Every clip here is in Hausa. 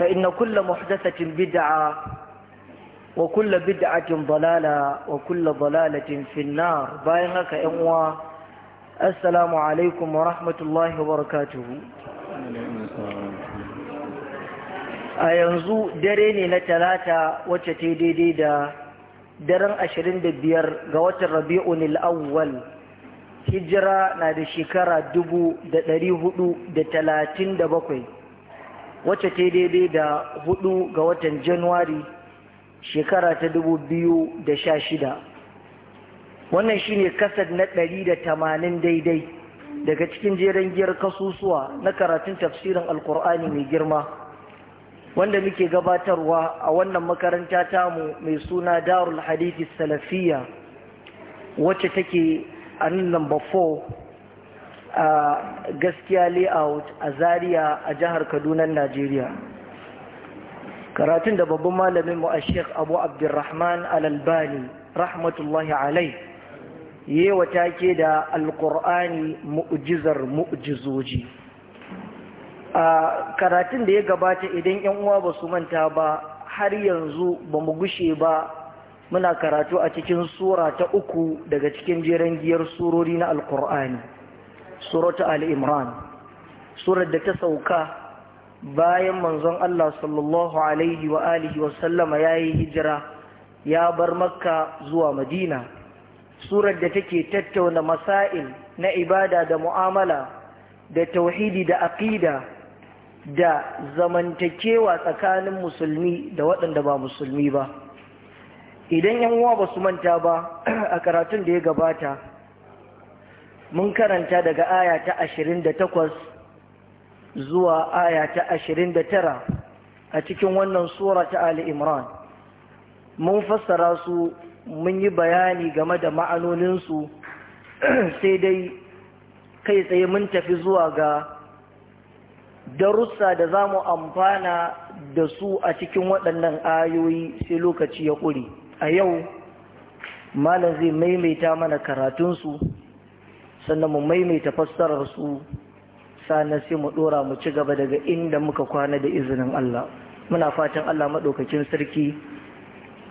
فإن كل محدثة بدعة وكل بدعة ضلالة وكل ضلالة في النار باينك إموى السلام عليكم ورحمة الله وبركاته a yanzu dare ne na talata wacce ta daidai da daren ashirin da biyar ga watan rabi'un al'awwal hijira na da shekara dubu da ɗari hudu da talatin da bakwai wacce ta daidai da hudu ga watan januwari shekara ta dubu biyu da sha shida wannan shine kasad na ɗari da tamanin daidai daga cikin jeren giyar kasusuwa na karatun tafsirin alkur'ani mai girma wanda muke gabatarwa a wannan makaranta tamu mai suna darul hadithi salafiya wacce take a nan lamba 4 a gaskiya layout a Zariya a jihar kaduna najeriya karatun da babban malamin mu a sheikh abu abdurrahman al-albani rahmatullahi alai wata ke da alkur'ani mu'jizar mu'jizoji a karatun da ya gabata idan yan uwa ba su manta ba har yanzu ba mu gushe ba muna karatu a cikin sura ta uku daga cikin jeren giyar surori na alkur'ani suratu al-imran surar da ta sauka bayan manzon Allah sallallahu alaihi wa alihi wa sallama yayi hijira ya bar makka zuwa madina surar da take tattauna masail na ibada da mu'amala da tauhidi da aqida da zamantakewa tsakanin musulmi da waɗanda ba musulmi ba idan yan uwa ba su manta ba a karatun da ya gabata mun karanta daga aya ta ashirin da takwas zuwa aya ta ashirin da tara a cikin wannan sura ta Ali Imran mun fassara su mun yi bayani game da ma'anoninsu sai dai kai tsaye mun tafi zuwa ga darussa da zamu amfana da su a cikin waɗannan ayoyi sai lokaci ya ƙuri a yau malam zai maimaita mana karatunsu sannan mu maimaita fassarar su sannan sai mu dora mu ci gaba daga inda muka kwana da izinin Allah muna fatan Allah madaukakin sarki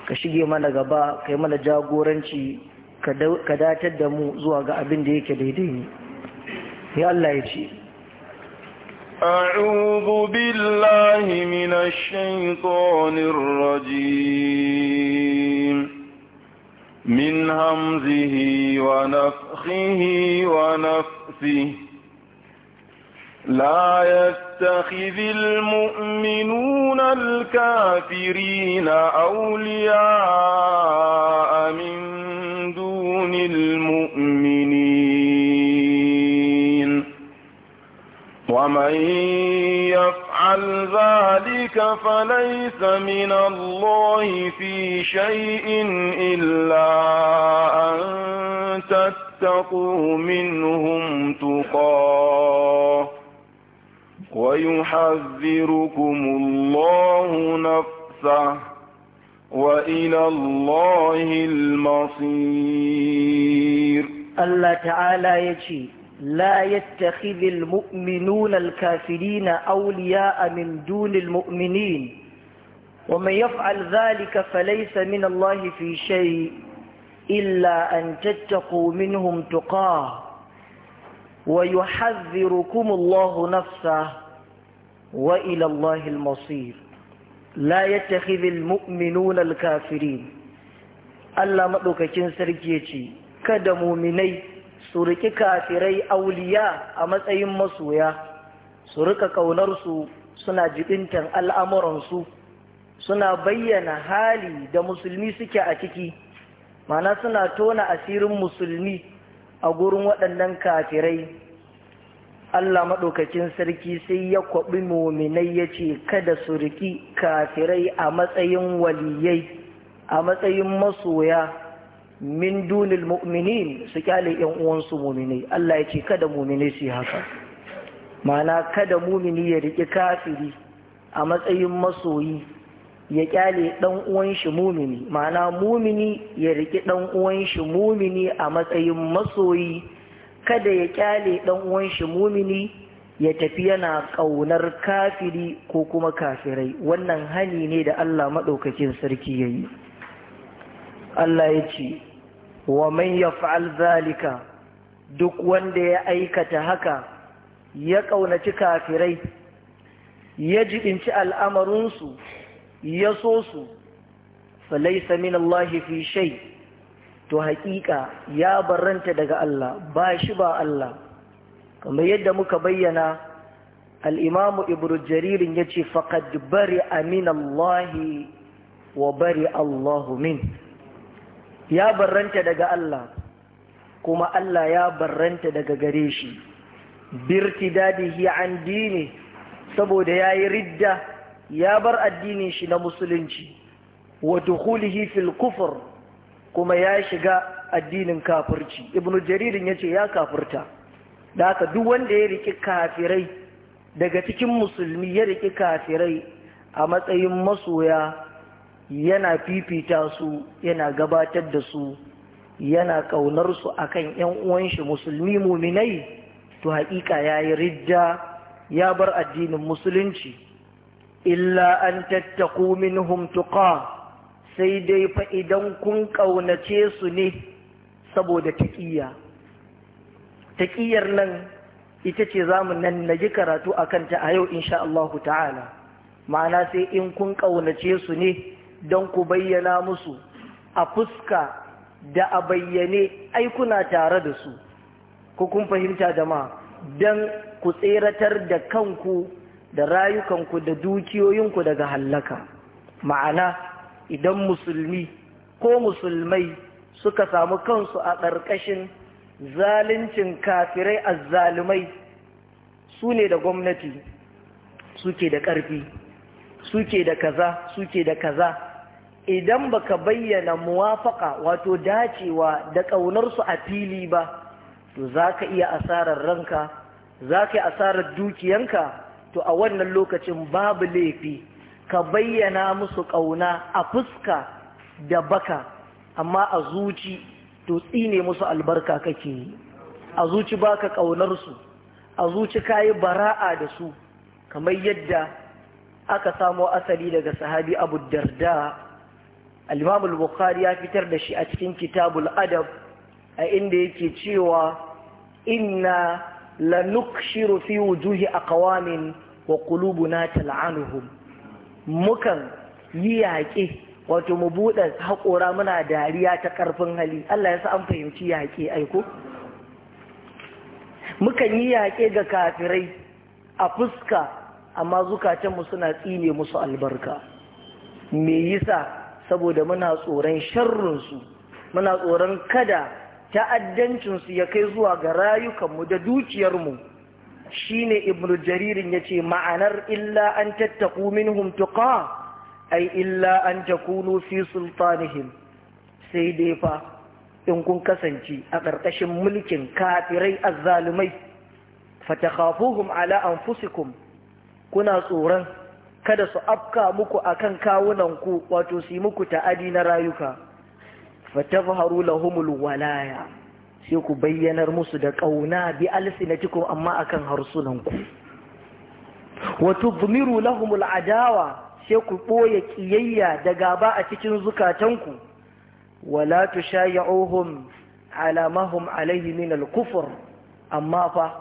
ka shige mana gaba kai mana jagoranci ka datar da mu zuwa ga abin da yake daidai ne ya Allah ya ce أعوذ بالله من الشيطان الرجيم من همزه ونفخه ونفسه لا يتخذ المؤمنون الكافرين أولياء من دون المؤمنين ومن يفعل يفعل ذلك فليس من الله في شيء إلا أن تتقوا منهم تقاه ويحذركم الله نفسه وإلى الله المصير الله تعالى يجيب لا يتخذ المؤمنون الكافرين أولياء من دون المؤمنين ومن يفعل ذلك فليس من الله في شيء إلا أن تتقوا منهم تقاه ويحذركم الله نفسه وإلى الله المصير لا يتخذ المؤمنون الكافرين ألا maɗaukakin sarki جيتي ce, Kada su riƙi kafirai auliya a matsayin masoya su rika ƙaunarsu suna jibintan al'amuransu suna bayyana hali da musulmi suke a ciki mana suna tona asirin musulmi a gurin waɗannan kafirai Allah maɗaukakin sarki sai ya kwaɓi mominai ya ce kada su riƙi kafirai a matsayin waliyai a matsayin masoya min dunil mu'minin su kyale yan uwansu muminai Allah ya ce kada muminai su haka ma'ana kada mumini ya riƙi kafiri a matsayin masoyi ya kyale dan uwan shi mumini ma'ana mumini ya riƙi dan uwan shi mumini a matsayin masoyi kada ya kyale dan uwan shi mumini ya tafi yana ƙaunar kafiri ko kuma kafirai wannan hani ne da Allah maɗaukakin sarki ya yi Allah ya ce wa man yaf'al zalika duk wanda ya aikata haka ya kaunaci kafirai ya jibinci al'amarinsu ya so su falaisa min Allah fi shay to haƙiƙa ya barranta daga Allah ba shi ba Allah kamar yadda muka bayyana al'imamu ibn jaririn ya ce faƙad bari amin Allah wa bari Allahu min ya barranta daga Allah kuma Allah ya barranta daga gare shi dadi an dini saboda ya yi ridda ya bar addinin shi na musulunci wa dukhulihi fil kufr kuma ya shiga addinin kafirci ibnu jaririn ya ce ya kafirta da haka duk wanda ya riki kafirai daga cikin musulmi ya riki kafirai a matsayin masoya yana fifita su yana gabatar da su yana kaunar su akan yan uwan shi musulmi muminai to haƙiƙa yayi ridda ya bar addinin musulunci illa an tattako minhum tuqa sai dai fa idan kun ƙaunace su ne saboda taƙiyya Taƙiyar nan ita ce zamu nan ji karatu a kanta a yau insha Allah ta'ala ma'ana sai in kun ƙaunace su ne don ku bayyana musu a fuska da a bayyane aikuna tare da su ku kun fahimta da ma don ku tseratar da kanku da rayukanku da dukiyoyinku daga hallaka ma'ana idan musulmi ko musulmai suka samu kansu a ƙarƙashin zaluncin kafirai a azzalumai su ne da gwamnati suke da ƙarfi suke da kaza suke da kaza idan baka bayyana muwafaka wato dacewa da ƙaunarsu a fili ba to za ka iya asarar ranka za ka yi asarar dukiyanka to a wannan lokacin babu laifi ka bayyana musu ƙauna a fuska da baka amma a zuci to tsine musu albarka kake yi a zuci baka ƙaunarsu a zuci ka yi bara'a da su kamar yadda aka samo asali daga sahabi abu darda al-imam bukhari ya fitar da shi a cikin kitabul adab a inda yake cewa inna lanukshiru fi a aqwamin wa qulubuna tal'anuhum mukan yi yaƙe wato mu buɗe haƙora muna dariya ta ƙarfin hali Allah ya sa an fahimci yaƙe aiko mukan yi yaƙe ga kafirai a fuska amma zukatanmu suna tsine musu albarka me yasa saboda muna tsoron sharrunsu, muna tsoron kada ta'addancinsu ya kai zuwa ga rayukanmu da dukiyarmu ne Ibn jaririn ya ce ma'anar illa an tattaku minhum tuqa ai illa an takunu fi sultanihim sai dai fa in kun kasance a ƙarƙashin mulkin kafirai azzalumai fatakhafuhum ala anfusikum kuna tsoron kada su afka muku akan kawunanku wato su yi muku adi na rayuka fatazharu lahumul walaya sai ku bayyanar musu da ƙauna bi alsinatikum amma akan harsunanku wa tudmiru lahumul adawa sai ku ɓoye ƙiyayya daga ba a cikin zukatanku wala tu ala ma hum alaihi min amma fa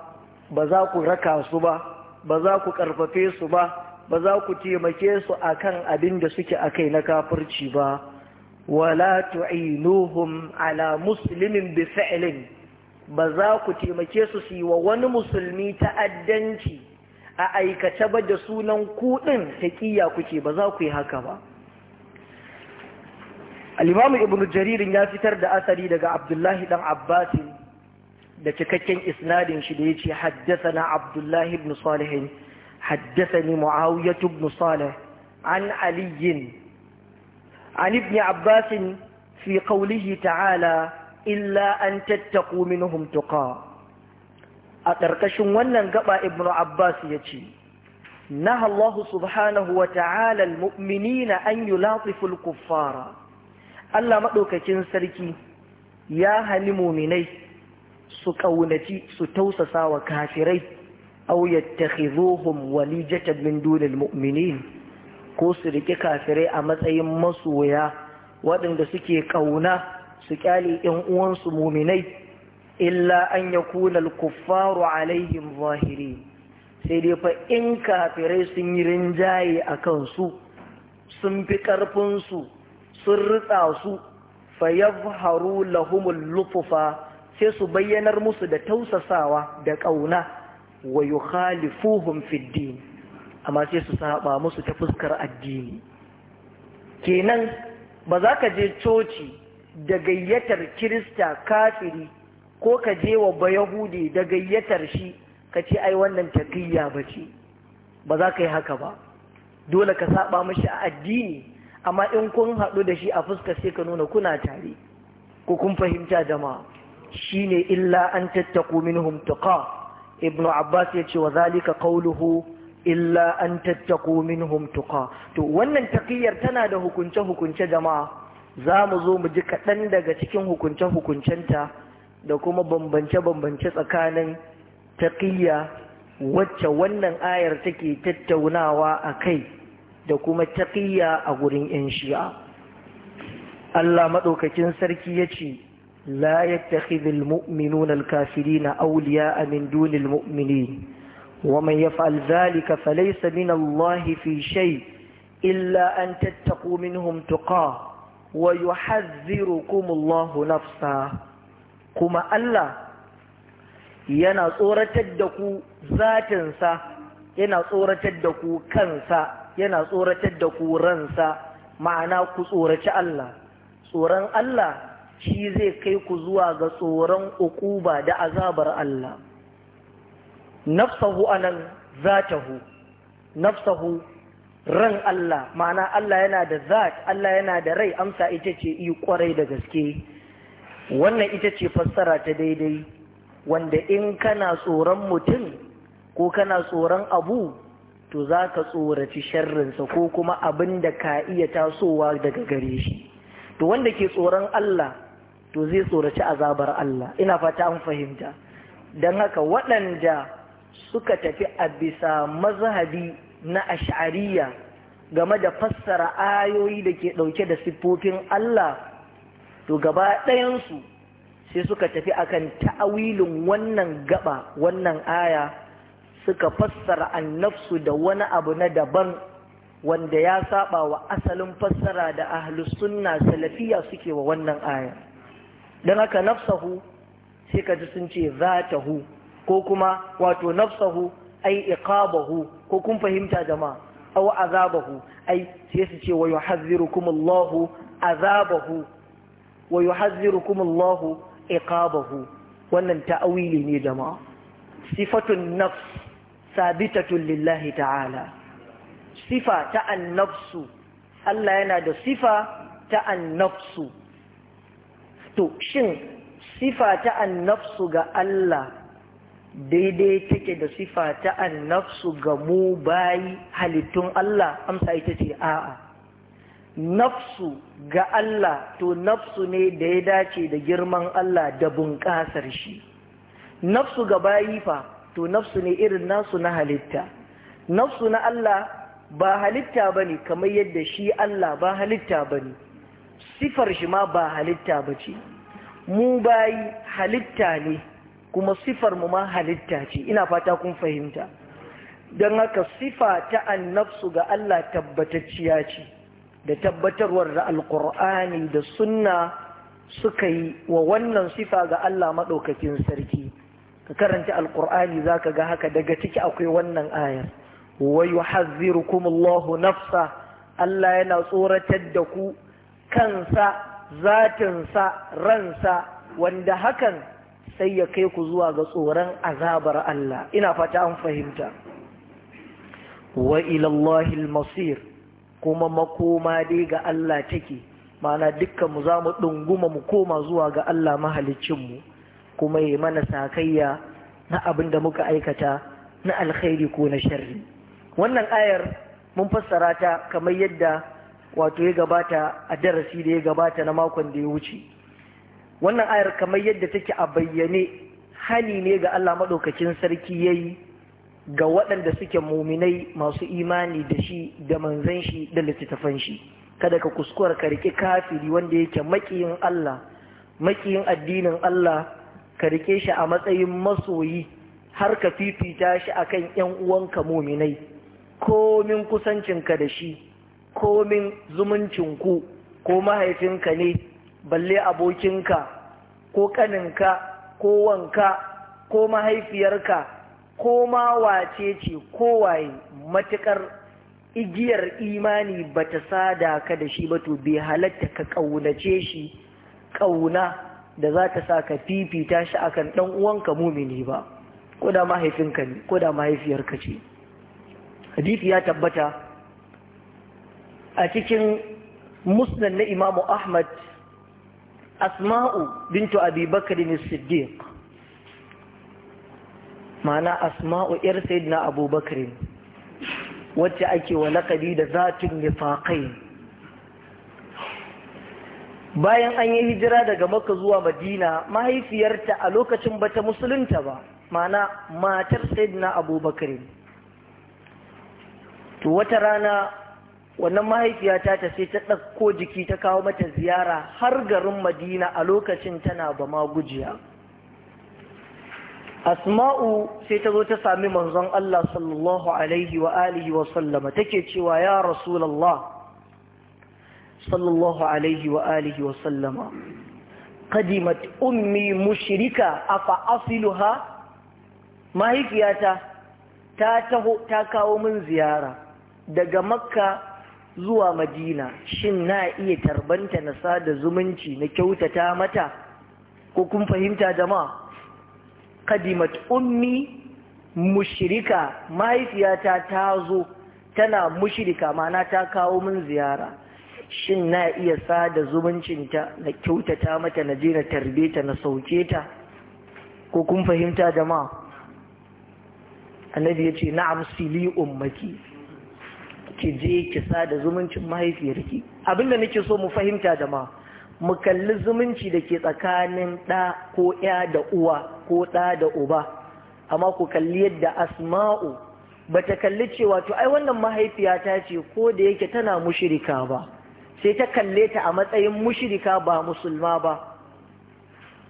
ba za ku raka su ba ba za ku ƙarfafe su ba ba za ku taimake su akan abin da suke a kai na kafirci ba wala tu'inuhum ala musulmin bi fi'lin ba za ku taimake su su yi wa wani musulmi ta'addanci a aikace ba da sunan kuɗin taƙiyya kuke ba za ku yi haka ba al Ibn ibnu jaririn ya fitar da asari daga abdullahi ɗan abbasin da cikakken isnadin shi da ya ce haddasa na abdullahi ibn salihin حدثني معاوية بن صالح عن علي عن ابن عباس في قوله تعالى إلا أن تتقوا منهم تقى أتركش ونن قبى ابن عباس يتي نهى الله سبحانه وتعالى المؤمنين أن يلاطفوا الكفار ألا مألوك تنسركي يا هنمو مني سكونتي ستوسسا وكافري aw yattakhizuhum walijatan min dunil mu'minin ko su rike kafirai a matsayin masoya waɗanda suke ƙauna su kyale ƴan uwansu muminai illa an yakuna kuffaru alaihim zahiri sai dai fa in kafirai sun yi rinjaye a kansu sun fi ƙarfinsu sun ritsa su fa yadhharu lahumul lufufa sai su bayyanar musu da tausasawa da ƙauna wa yukhalifuhum fi din amma sai su saba musu ta fuskar addini kenan ba za ka je coci da gayyatar kirista kafiri ko ka je wa bayahudi da gayyatar shi ka ce ai wannan taƙiyya ba ce ba za ka yi haka ba dole ka saba mashi a addini amma in kun haɗu da shi a fuska sai ka nuna kuna tare ko kun fahimta jama'a shine illa an tattaku minhum tuqa ibn abbas ya ce wa zalika qawluhu illa an tattaku minhum tuqa to wannan taqiyar tana da hukunce hukunce jama'a za mu zo mu ji kaɗan daga cikin hukunce hukuncenta da kuma bambance bambance tsakanin taqiyya wacce wannan ayar take tattaunawa a kai da kuma taqiyya a gurin yan shi'a Allah madaukakin sarki ya ce لا يتخذ المؤمنون الكافرين أولياء من دون المؤمنين ومن يفعل ذلك فليس من الله في شيء إلا أن تتقوا منهم تقاه ويحذركم الله نفسه كما ألا yana tsoratar da ku zatinsa yana tsoratar da ku kansa yana tsoratar da ku ransa ma'ana ku tsoraci Allah tsoron Allah shi zai kai ku zuwa ga tsoron ukuba da azabar Allah nafsahu anan zatahu nafsahu ran Allah ma'ana Allah yana da zat Allah yana da rai amsa ita ce yi kwarai da gaske wannan ita ce fassara ta daidai wanda in kana tsoron mutum ko kana tsoron abu to za ka tsoraci sharrinsa ko kuma abin da ka iya tasowa daga gare shi to wanda ke tsoron Allah to zai tsoraci azabar Allah ina fata an fahimta don haka waɗanda suka tafi a bisa mazhabi na ash'ariya game da fassara ayoyi da ke ɗauke da siffofin Allah to gaba ɗayansu sai suka tafi akan ta'awilin wannan gaba wannan aya suka fassara annafsu da wani abu na daban wanda ya saba wa asalin fassara da ahlus sunna salafiya suke wa wannan aya don haka nafsahu sai ka ji sun ce zatahu ko kuma wato nafsahu ai iqabahu ko kun fahimta jama'a aw azabahu ai sai su ce wa yuhazzirukum Allah azabahu wa yuhazzirukum Allah iqabahu wannan ta'awili ne jama'a sifatun nafs sabitatun lillahi ta'ala sifa ta nafsu, Allah yana da sifa ta nafsu. to shin sifa ta annafsu ga Allah daidai take da sifa ta annafsu ga mu bayi halittun Allah amsa ita ce a'a nafsu ga Allah to nafsu ne da ya dace da girman Allah da bunƙasar shi nafsu ga bayi fa to nafsu ne irin nasu na halitta nafsu na Allah ba halitta bane kamar yadda shi Allah ba halitta bane sifar shi ma ba halitta ba ce mu bayi halitta ne kuma sifar mu ma halitta ce ina fata kun fahimta don haka sifa ta annafsu ga Allah tabbatacciya ce da tabbatarwar da alkur'ani da sunna suka yi wa wannan sifa ga Allah maɗaukakin sarki ka karanta alkur'ani za ka ga haka daga ciki akwai wannan ayar wayu yuhazzirukum kuma nafsa Allah yana tsoratar da ku kansa zatinsa ransa wanda hakan sai ya kai ku zuwa ga tsoron azabar Allah ina fata an fahimta wa masir, masir kuma makoma dai ga Allah take mana dukkan mu za zamu dunguma mu koma zuwa ga Allah mahaliccin mu kuma yi mana sakayya na abin da muka aikata na alkhairi ko na sharri wannan ayar mun fassara ta kamar yadda wato ya gabata a darasi da ya gabata na makon da ya wuce wannan ayar kamar yadda take a bayyane hani ne ga Allah maɗaukakin sarki ya yi ga waɗanda suke muminai masu imani da shi da manzan shi da littattafan shi kada ka kuskuwar ka riƙe kafiri wanda yake maƙiyin Allah maƙiyin addinin Allah ka riƙe shi a matsayin masoyi har ka fifita shi akan ƴan uwanka muminai komin kusancinka da shi komin zumuncinku ko mahaifinka ne balle abokinka ko kaninka ko wanka ko mahaifiyarka ko ma wace ce kowaye matuƙar igiyar imani ba ta sada ka da shi ba to bai halatta ka ƙaunace shi ƙauna da za ta sa ka fifita shi akan ɗan uwanka mumini ba ko da mahaifinka ne ko da mahaifiyarka ce hadisi ya tabbata a cikin musnad na imamu ahmad asma'u bintu abi ne siddiq ma'ana asma'u yar sayyidina abubakar wacce ake wa laqabi da zatun nifakai bayan an yi hijira daga maka zuwa madina mahaifiyarta a lokacin bata musulunta ba ma'ana matar sayyidina abubakar to wata rana wannan mahaifiyata ta sai ta ɗauko jiki ta kawo mata ziyara har garin madina a lokacin tana ba ma gujiya asma'u sai ta zo ta sami manzon Allah sallallahu alaihi wa alihi wa sallama take cewa ya rasulullah sallallahu alaihi wa alihi wa sallama qadimat ummi mushrika afa asiluha mahaifiyata ta taho ta kawo min ziyara daga makka zuwa madina shin na iya tarbanta na sada zumunci na kyautata mata ko kun fahimta jama'a kadimat ummi mushrika mahaifiyata ta zo tana mushirika, mana ta kawo min ziyara shin na iya sada zumuncinta na kyautata mata na je na tarbe na sauke ta ko kun fahimta jama'a annabi ya ce na'am sili ummaki ki je ki sada zumuncin mahaifiyarki abinda nake so mu fahimta jama'a mu kalli zumunci da ke tsakanin ɗa ko ya da uwa ko ɗa da uba amma ku kalli yadda asma'u bata kalli cewa to ai wannan mahaifiyata ce ko da yake tana mushirika ba sai ta kalle ta a matsayin mushirika ba musulma ba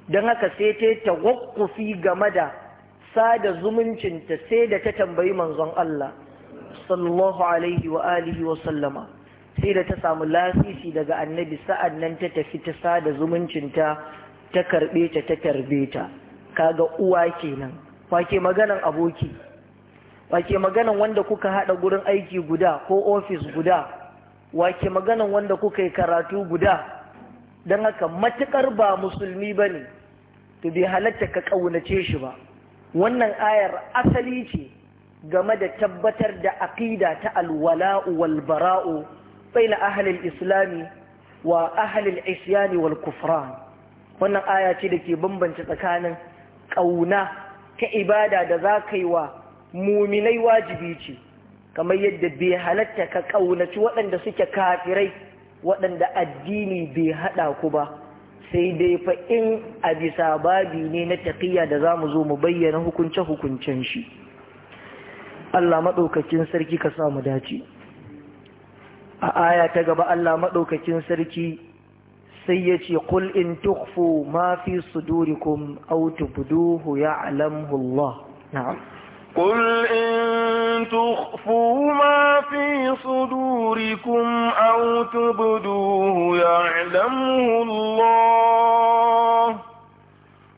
don haka sai ta ta wakufi game da sada zumuncinta sai da ta tambayi manzon Allah sallallahu alaihi wa alihi wa sallama sai da ta samu lasisi daga annabi sa'an nan ta tafi ta sada zumuncinta ta karbe ta ta karbe ta kaga uwa kenan wake maganan aboki wake maganan wanda kuka hada gurin aiki guda ko ofis guda wake maganan wanda kuka yi karatu guda don haka matukar ba musulmi ba ne? to bai halatta ka kaunace shi ba wannan ayar asali ce game da tabbatar da aqida ta alwala'u wal bara'u baina ahli islami wa ahli al wal kufran wannan aya ce ke bambance tsakanin ƙauna ta ibada da zakai wa muminai wajibi ce kamar yadda bai halatta ka kaunaci waɗanda suke kafirai waɗanda addini bai haɗa ku ba sai dai fa in a bisa babi ne na taƙiyya da za mu zo mu bayyana hukunce-hukuncen shi Allah maɗaukakin sarki ka samu dace a aya ta gaba Allah maɗaukakin sarki sai ya ce kul in tukfu ma fi sudurikum aw tubduhu ya'lamhu Allah na'am قل إن تخفوا ما في صدوركم أو تبدوه يعلمه الله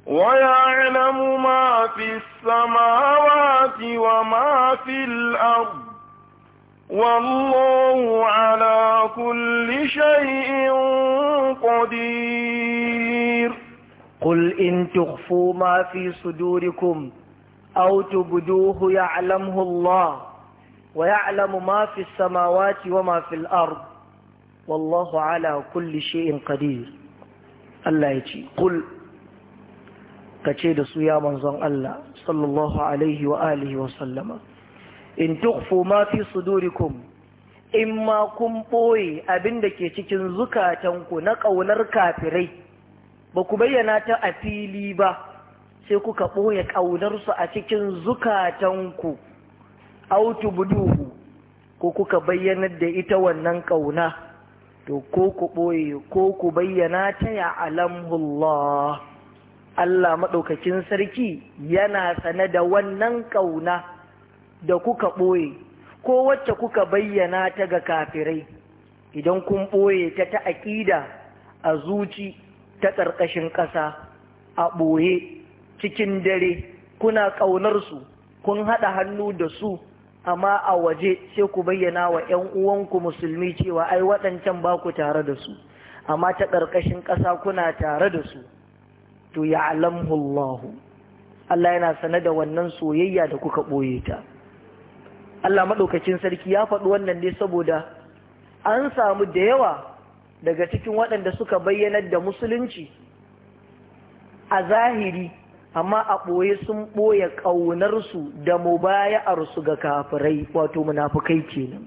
ويعلم ما في السماوات وما في الأرض والله على كل شيء قدير قل إن تخفوا ما في صدوركم أو تبدوه يعلمه الله ويعلم ما في السماوات وما في الأرض والله على كل شيء قدير الله يجي قل ka ce da su ya manzon Allah sallallahu alaihi wa alihi wa sallama in tukfu ma fi sudurikum in ma kun boye da ke cikin zukatanku na ƙaunar kafirai ba ku bayyana ta a fili ba sai kuka boye ƙaunarsu a cikin zukatanku autu buduhu ko kuka bayyanar da ita wannan ƙauna, to ko ku boye ko ku bayyana ta ya alamullah Allah maɗaukakin sarki yana sane da wannan ƙauna da kuka ɓoye ko wacce kuka bayyana ta ga kafirai idan kun ɓoye ta ta aƙida a zuci ta ƙarƙashin ƙasa a ɓoye cikin dare kuna ƙaunarsu kun haɗa hannu da su amma a waje sai ku bayyana wa 'yan uwanku musulmi cewa ai waɗancan ba ku tare da su amma ta ƙarƙashin ƙasa kuna tare da su to ya'lamhu Allah Allah yana sane da wannan soyayya da kuka ɓoye ta Allah maɗaukacin sarki ya faɗi wannan ne saboda an samu da yawa daga cikin waɗanda suka bayyanar da musulunci a zahiri amma a ɓoye sun ɓoye ƙaunarsu da mubaya'arsu ga kafirai wato munafukai kenan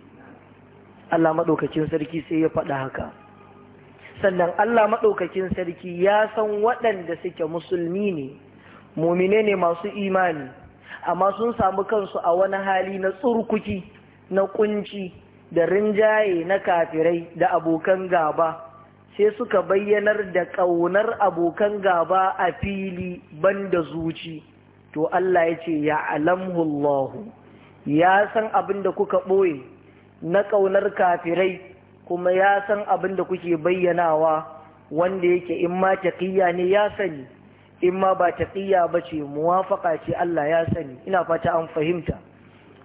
Allah maɗaukacin sarki sai ya faɗa haka sannan Allah maɗaukakin sarki ya san waɗanda suke musulmi ne mumine ne masu imani amma sun samu kansu a wani hali na tsurkuki na kunci da rinjaye na kafirai da abokan gaba sai suka bayyanar da ƙaunar abokan gaba a fili ban da zuci to Allah ya ce ya alamhullahu ya san abin da kuka ɓoye na ƙaunar kafirai kuma ya san abin da kuke bayyanawa wanda yake in ma taƙiyya ne ya sani in ma ba taƙiyya ba ce muwafaƙa ce Allah ya sani ina fata an fahimta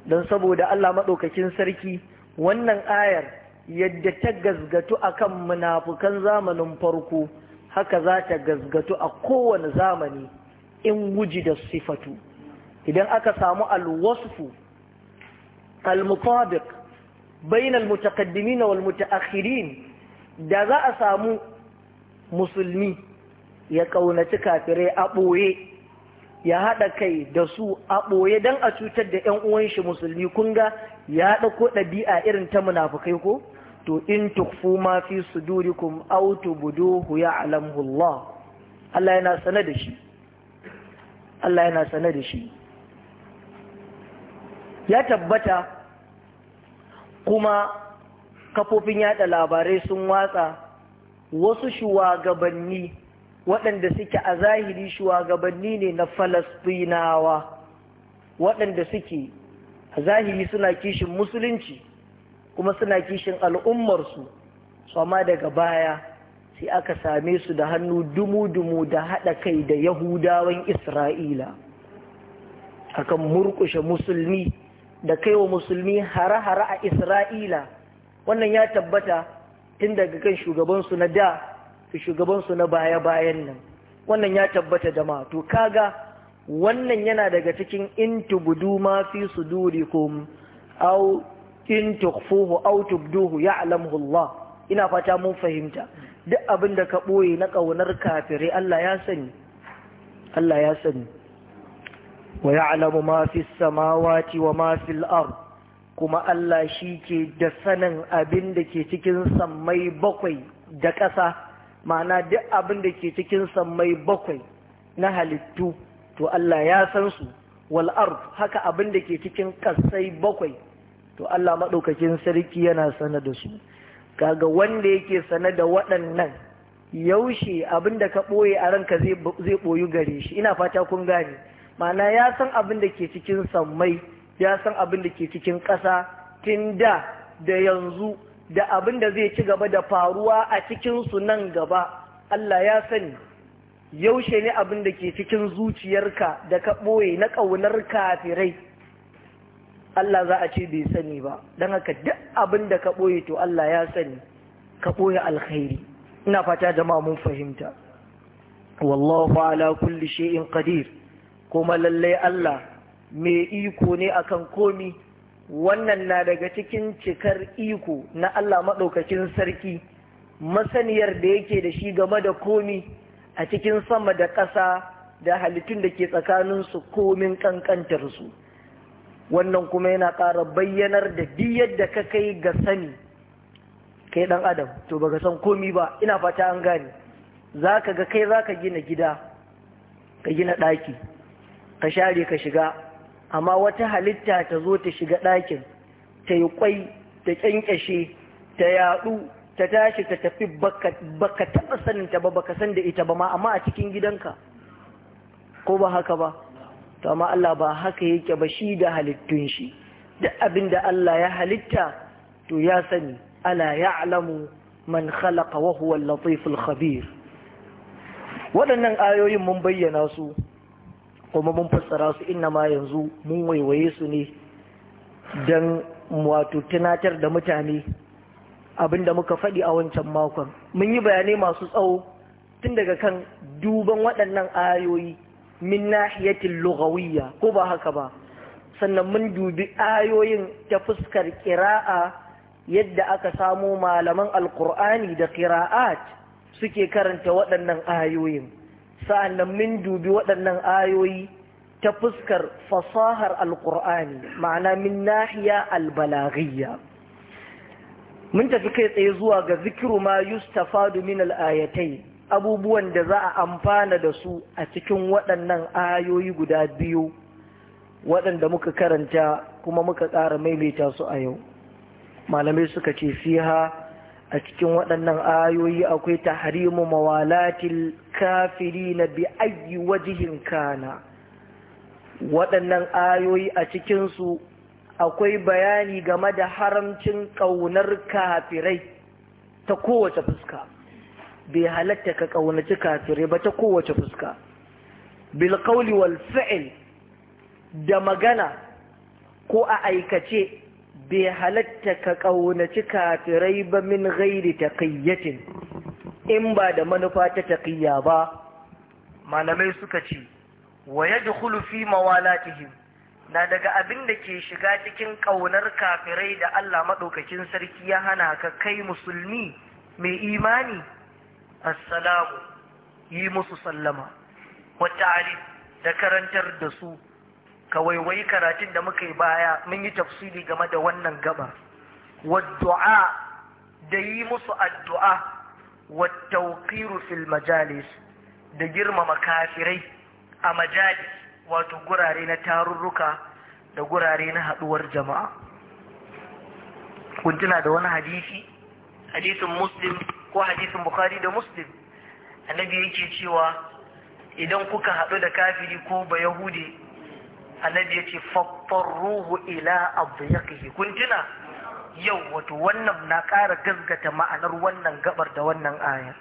don saboda Allah maɗaukakin sarki wannan ayar yadda ta gazgatu a kan munafukan zamanin farko haka za ta gazgatu a kowane zamani in guji da sifatu idan aka samu alwasfu al-mutabiq bainal المتقدمين والمتأخرين da za a samu musulmi ya kaunaci kafirai a ɓoye ya haɗa kai da su a ɓoye don a cutar da 'yan uwan shi musulmi kunga ga ya ɗauko ɗabi'a irin ta munafukai ko to in tukfu ma fi sudurikum aw tubduhu ya'lamuhu Allah Allah yana sanar da shi Allah yana sanar da shi ya tabbata kuma kafofin yaɗa labarai sun watsa wasu shugabanni waɗanda suke a zahiri shugabanni ne na falastinawa waɗanda suke a zahiri suna kishin musulunci kuma suna kishin al'ummarsu amma daga baya sai aka same su da hannu dumu-dumu da haɗa kai da yahudawan isra'ila akan murƙushe musulmi da kai wa musulmi hare-hare a isra'ila wannan ya tabbata tun daga kan shugabansu na da shugabansu na baya-bayan nan wannan ya tabbata da to kaga wannan yana daga cikin in tubudu ma fi sudurikum aw in tukhfuhu au tubduhu ya Allah ina fata mun fahimta duk abin da ka ɓoye na ƙaunar kafirai Allah ya sani Allah ya sani Waya cala mafi sama, wati mafi la'ar? Kuma Allah shi ke da sanin abin da ke cikin samai bakwai da ƙasa, ma'ana duk abin da ke cikin samai bakwai na halittu, to Allah ya san su. Wal'ar haka abin da ke cikin kasai bakwai, to Allah maɗaukakin sarki yana sane da su. Ga wanda yake ke sane da waɗannan yaushe abin da ka ɓoye a ranka zai ɓoye gare shi, ina fata kun gane. ma'ana ya san abin da ke cikin sammai ya san abin da ke cikin ƙasa tun da da yanzu da abin da zai ci gaba da faruwa a cikinsu nan gaba Allah ya sani yaushe ne abin da ke cikin zuciyarka da ka ɓoye na ƙaunar kafirai Allah za a ce bai sani ba don haka duk abin da ka ɓoye to Allah ya sani ka ɓoye alkhairi ina fata jama'a mun fahimta wallahu ala kulli shay'in qadir kuma lallai Allah mai iko ne akan komi wannan na daga cikin cikar iko na Allah maɗaukakin sarki masaniyar da yake da shi game da komi a cikin sama da ƙasa da halittun da ke tsakaninsu komin ƙanƙantarsu wannan kuma yana ƙara bayyanar da diyar da ka kai ga sani kai ɗan adam to ba baka san komi ba ina fata an gane za ka ga kai za ka gina gida ka gina ɗaki ka share ka shiga amma wata halitta ta zo ta shiga ɗakin ta yi kwai ta kyankyashe ta yaɗu ta tashi ta tafi baka taɓa sanin ta ba baka san da ita ba ma amma a cikin gidanka ko ba haka ba to amma Allah ba haka yake ba shi da halittun shi duk abin da Allah ya halitta to ya sani ala ya'lamu man khalaqa wa huwa al al khabir waɗannan ayoyin mun bayyana su kuma mun fassara su inna ma yanzu mun waiwaye su ne don wato tunatar da mutane abin da muka faɗi a wancan makon mun yi bayanai masu tsawo tun daga kan duban waɗannan ayoyi min nahiyatin lugawiyya ko ba haka ba sannan mun dubi ayoyin ta fuskar kira'a, yadda aka samo malaman alkur'ani da kira'at, suke karanta waɗannan ayoyin sa'annan min dubi waɗannan ayoyi ta fuskar fasahar alƙur'ani ma'ana min nahiya albalaghiyya mun tafi kai tsaye zuwa ga zikiru ma yustafadu min al'ayatai abubuwan da za a amfana da su a cikin waɗannan ayoyi guda biyu waɗanda muka karanta kuma muka ƙara maimaita su a yau malamai suka ce fiha a cikin waɗannan ayoyi akwai harimu mawalatil kafiri bi ayyi wajihin kana waɗannan ayoyi a cikinsu akwai bayani game da haramcin ƙaunar kafirai ta kowace fuska bai halatta ka ƙaunaci kafirai ba ta kowace fuska bilkauli wal fi'il da magana ko a aikace bai halatta ka ƙaunaci kafirai ba min gairi taƙiyyatin in ba da manufa ta taƙiyya ba malamai suka ce wa ya fi cikin, na daga abin da ke shiga cikin ƙaunar kafirai da Allah maɗaukakin sarki ya hana ka kai musulmi mai imani assalamu yi musu sallama wata da karantar da su ka waiwayi karatun da muka yi baya mun yi tafsiri game da wannan gaba wadda'a da yi musu addu'a wadda fil majalis da girmama kafirai a majalis wato gurare na tarurruka da gurare na haɗuwar jama'a kun da wani hadisi hadisin muslim ko hadisin bukhari da muslim annabi yake cewa idan kuka haɗu da kafiri ko ba yahudi annabi ya ce ruhu ila adiyaqihi kun tuna yau wato wannan na ƙara gaskata ma'anar wannan gabar da wannan aya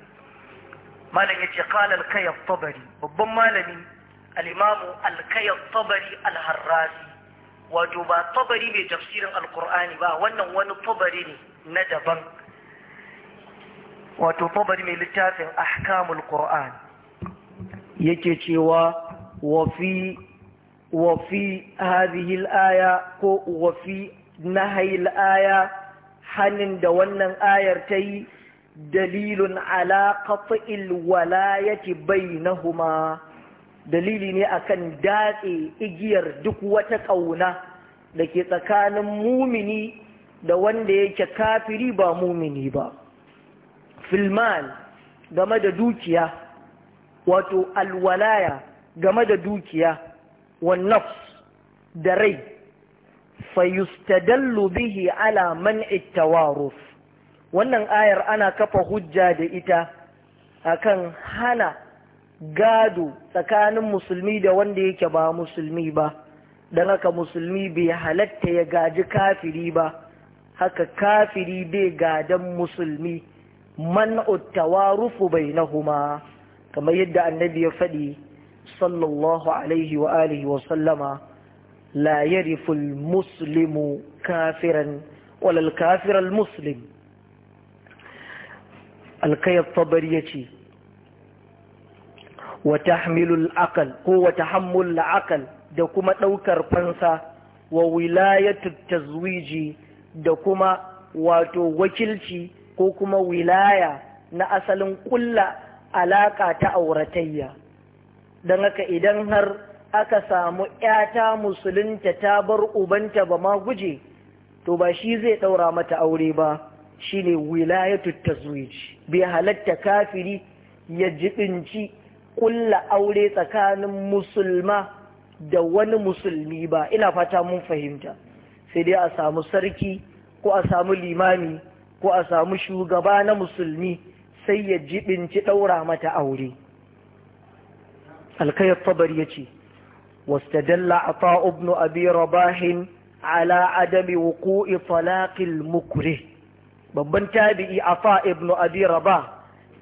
malam yace qala al-kayy tabari babban malami alimamu imam al tabari wato ba tabari mai tafsirin al ba wannan wani tabari ne na daban wato tabari mai littafin ahkamul qur'an yake cewa wa fi وفي هذه الآية وفي نهي الآية حنن دوانا آيرتي دليل على قطع الولاية بينهما dalili ne akan datse igiyar duk wata ƙauna da ke tsakanin mumini da wanda yake kafiri ba mumini ba filman game da dukiya wato alwalaya game da dukiya والنفس دري فيستدل به على منع التوارث wannan ayar ana kafa hujja da ita akan hana gado tsakanin musulmi da wanda yake ba musulmi ba Dan haka musulmi bai halatta ya gaji kafiri ba haka kafiri bai gadon musulmi man tawarufu bai na huma kamar yadda annabi ya faɗi صلى الله عليه وآله وسلم لا يرف المسلم كافرا ولا الكافر المسلم القي الطبرية وتحمل العقل هو تحمل العقل da kuma ɗaukar fansa wa wilayatu tazwiji da kuma wato wakilci ko kuma wilaya na asalin kulla alaƙa ta auratayya don haka idan har aka samu ‘yata musulunta ta bar ubanta ba ma guje to ba shi zai ɗaura mata aure ba shi ne wilayatu tazwij bai halatta kafiri ya jibinci ƙulla aure tsakanin musulma da wani musulmi ba ina fata mun fahimta sai dai a samu sarki ko a samu limami ko a samu shugaba na musulmi sai ya jibinci ɗaura mata aure. alkai tabari ya ce wastadalla a ta'ubnu abi rabahin ala adami wuku'i talaqil mukure babban tabi'i a ibnu abi rabah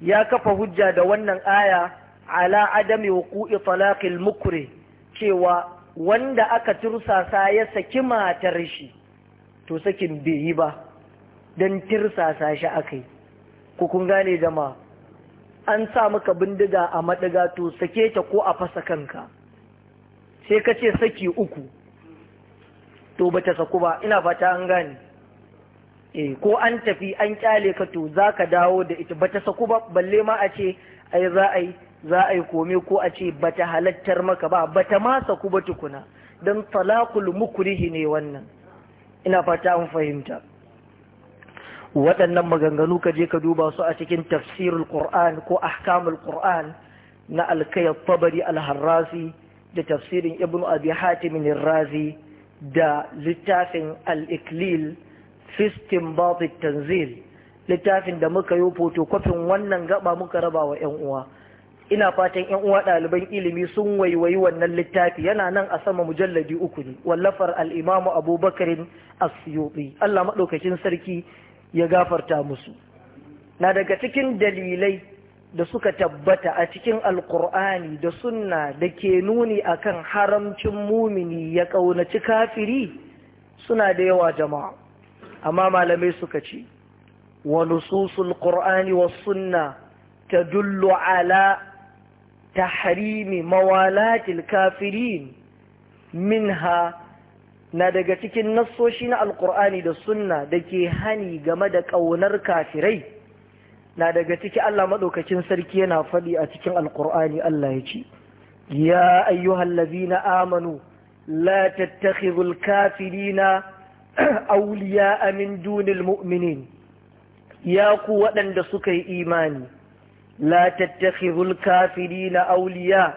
ya kafa hujja da wannan aya ala adami wuku'i talaqil mukure cewa wanda aka tursasa ya saki matar shi to sakin bai yi ba don tirsasa shi aka yi kun gane jama'a an sa maka bindiga a maɗiga to sake ta ko a fasa kanka sai ka ce saki uku to ba ta saku ba ina fata an gane eh ko an tafi an kyale ka to za ka dawo da ita ta saku ba balle ma a ce ai za a yi za a yi kome ko a ce ba ta halattar maka ba Ba ta ma saku ba tukuna don talakul mukurihi ne wannan ina fata an fahimta waɗannan maganganu ka je ka duba su a cikin tafsirul ƙur'an ko ahkamul ƙur'an na alkayar tabari al da tafsirin ibn abi hatim razi da littafin al-iklil fistin batit tanzil littafin da muka yi fotokofin wannan gaba muka raba wa 'yan uwa ina fatan yan uwa ɗaliban ilimi sun waiwayi wannan littafi yana nan a sama mujalladi uku ne wallafar imamu abubakarin asyubi Allah maɗaukakin sarki ya gafarta musu na daga cikin dalilai da suka tabbata a cikin alkur'ani da sunna da ke nuni akan haramcin mumini ya ƙaunaci kafiri suna da yawa jama'a amma malamai suka ce wa nususul qur'ani was sunna tadullu ala tahrimi mawalatil kafirin minha na daga cikin nassoshi na alkur'ani da sunna da ke hani game da ƙaunar kafirai na daga ciki Allah maɗaukacin sarki yana faɗi a cikin alkur'ani Allah ya ce ya na amanu la tattakhidhul kafirina awliya amin dunil mu'minin ya ku waɗanda suka yi imani la tattakhidhul kafirina awliya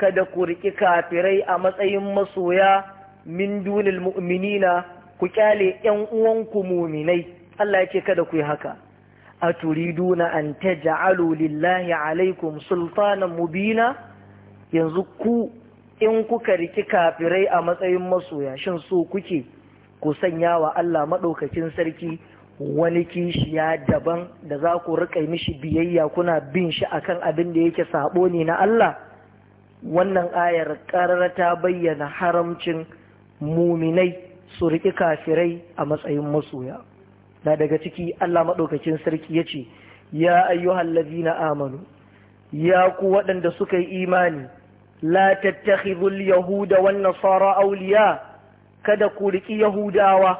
kada ku riƙi kafirai a matsayin masoya min dunil mu'minina ku kyale yan uwanku muminai Allah yake kada ku yi haka a turiduna an taj'alu lillahi alaikum sultanan mubina yanzu ku in kuka riki kafirai a matsayin masoya shin so kuke ku sanya wa Allah madaukakin sarki wani kishiya daban da za ku riƙa mishi biyayya kuna bin shi akan abin da yake sabo ne na Allah wannan ayar ƙarar ta bayyana haramcin muminai su riƙi kafirai a matsayin masoya na daga ciki Allah maɗaukakin sarki ya ce ya ayyuhal na amanu ya ku waɗanda suka yi imani la tattakhidhul yahuda wan nasara awliya kada ku riƙi yahudawa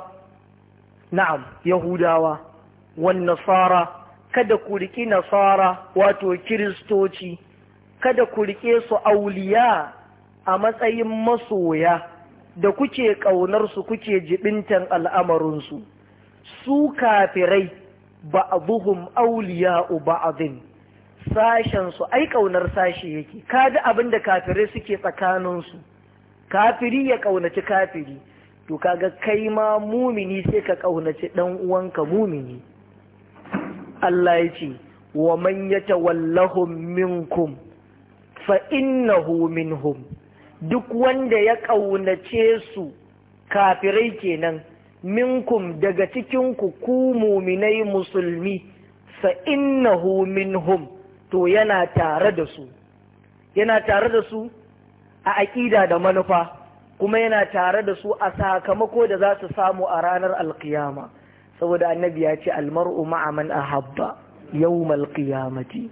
na'am yahudawa wan nasara kada ku riƙi nasara wato kiristoci kada ku riƙe su auliya a matsayin masoya da kuke ƙaunarsu kuke jibintan al'amarinsu su kafirai uba auliya'u Sashen sashensu ai ƙaunar sashe yake kaji abin da kafirai suke tsakaninsu kafiri ya ƙaunaci kafiri to kaga kai ma mumini sai ka ƙaunaci ɗan uwanka mumini Allah ya ce wa manyata yatawallahum minkum fa innahu minhum duk wanda ya ƙaunace su kafirai kenan minkum daga cikin ku muminai musulmi fa innahu minhum to yana tare da su yana tare da su a aƙida da manufa kuma yana tare da su a sakamako da za su samu a ranar alkiyama saboda annabi ya ce almar'u ma'a man ahabba yawmal qiyamati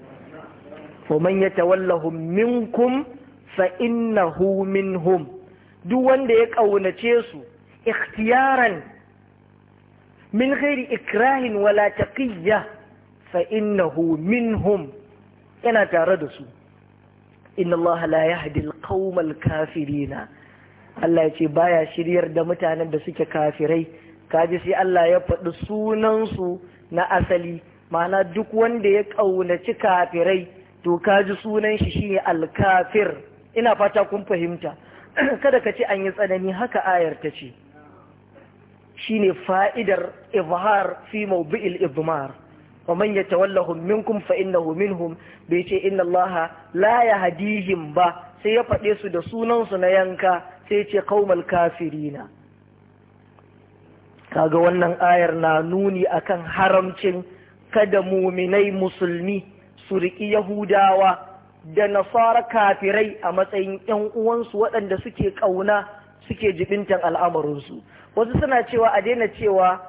wa man yatawallahum minkum fa innahu minhum duk wanda ya ƙaunace su ikhtiyaran min ghairi ikrahin wala taqiyya fa innahu minhum yana tare da su inna Allah la yahdi al kafirina Allah ya ce baya shiryar da mutanen da suke kafirai kaji sai Allah ya faɗi sunansu na asali ma'ana duk wanda ya ƙaunaci kafirai to kaji sunan shi shi alkafir ina fata kun fahimta kada ka ce an yi tsanani haka ayar ta ce Shi ne fa'idar ibhar fi mawdi'il idmar wa man yatawallahum minkum fa minhum bai ce inna Laha la hadihin ba sai ya faɗe su da sunansu na yanka sai ce kafiri kafirina kaga wannan ayar na nuni akan haramcin kada muminai musulmi su riƙi yahudawa da nasara kafirai a matsayin ƴan uwansu waɗanda suke ƙauna suke jibintan al'amarinsu wasu suna cewa a daina cewa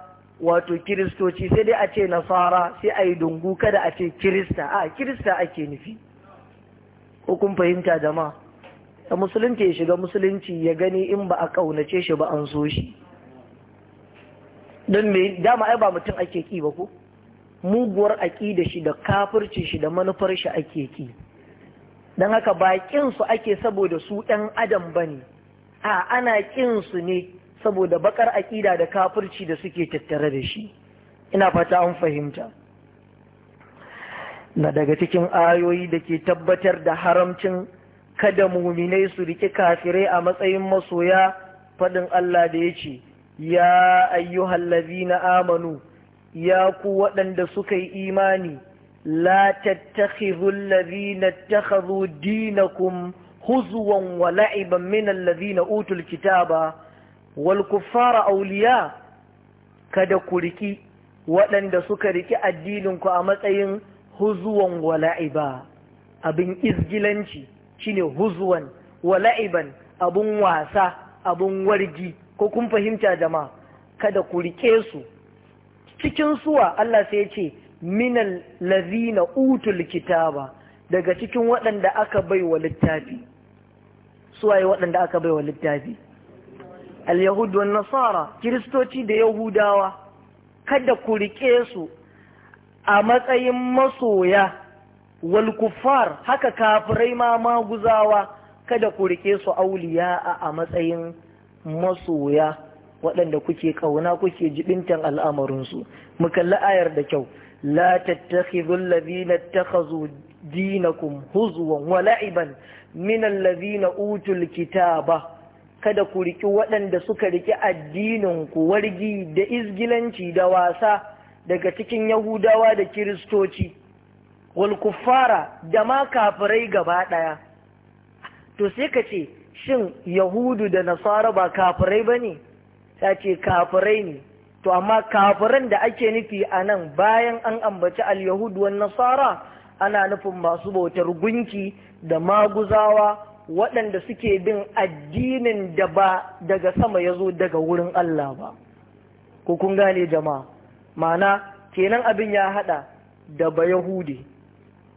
wato kiristoci sai dai a ce nasara sai a yi dungu kada a ce kirista a kirista ake nufi ko kun fahimta jama'a da musulunci ya shiga musulunci ya gani in ba a ƙaunace shi ba an so shi don me dama ai ba mutum ake ki ba ko muguwar aƙi da shi da kafirci shi da manufar shi ake ki. don haka ba su ake saboda su ɗan adam ba ne a ana su ne saboda bakar aƙida da kafirci da suke tattare da shi ina fata an fahimta na daga cikin ayoyi da ke tabbatar da haramcin kada muminai su riƙe kafirai a matsayin masoya faɗin Allah da ya ce ya ayyuhallazina amanu ya ku waɗanda suka yi imani لا تتخذوا الذين اتخذوا دينكم هزوا ولعبا من الذين أوتوا الكتاب والكفار أولياء kada ku riki waɗanda suka riki addininku a matsayin huzuwan wala'iba abin izgilanci shine huzuwan wala'iban abin wasa abun wargi ko kun fahimta jama'a kada ku rike su cikin suwa Allah sai ya ce minal lazina utul kitaba daga cikin waɗanda aka bai wa littafi suwaye waɗanda aka bai wa littafi al-yahud wa nasara kiristoci da yahudawa kada ku rike su a matsayin masoya wal kuffar haka kafirai ma maguzawa kada ku rike su auliya a matsayin masoya waɗanda kuke ƙauna kuke jibintan al'amarinsu mu kalli ayar da kyau لا تتخذوا الذين اتخذوا دينكم هزوا ولعبا من الذين اوتوا الكتاب kada ku riki waɗanda suka riki addininku wargi da izgilanci da wasa daga cikin yahudawa da kiristoci wal kuffara da ma kafirai gaba ɗaya to sai ka ce shin yahudu da nasara ba kafirai ba ne ta ce kafirai ne to amma kafiran da ake nufi a nan bayan an ambaci al-yahudu wan nasara ana nufin masu bautar gunki da maguzawa waɗanda suke bin addinin da ba daga sama ya zo daga wurin Allah ba ko kun gane jama'a ma'ana kenan abin ya haɗa da ba yahudi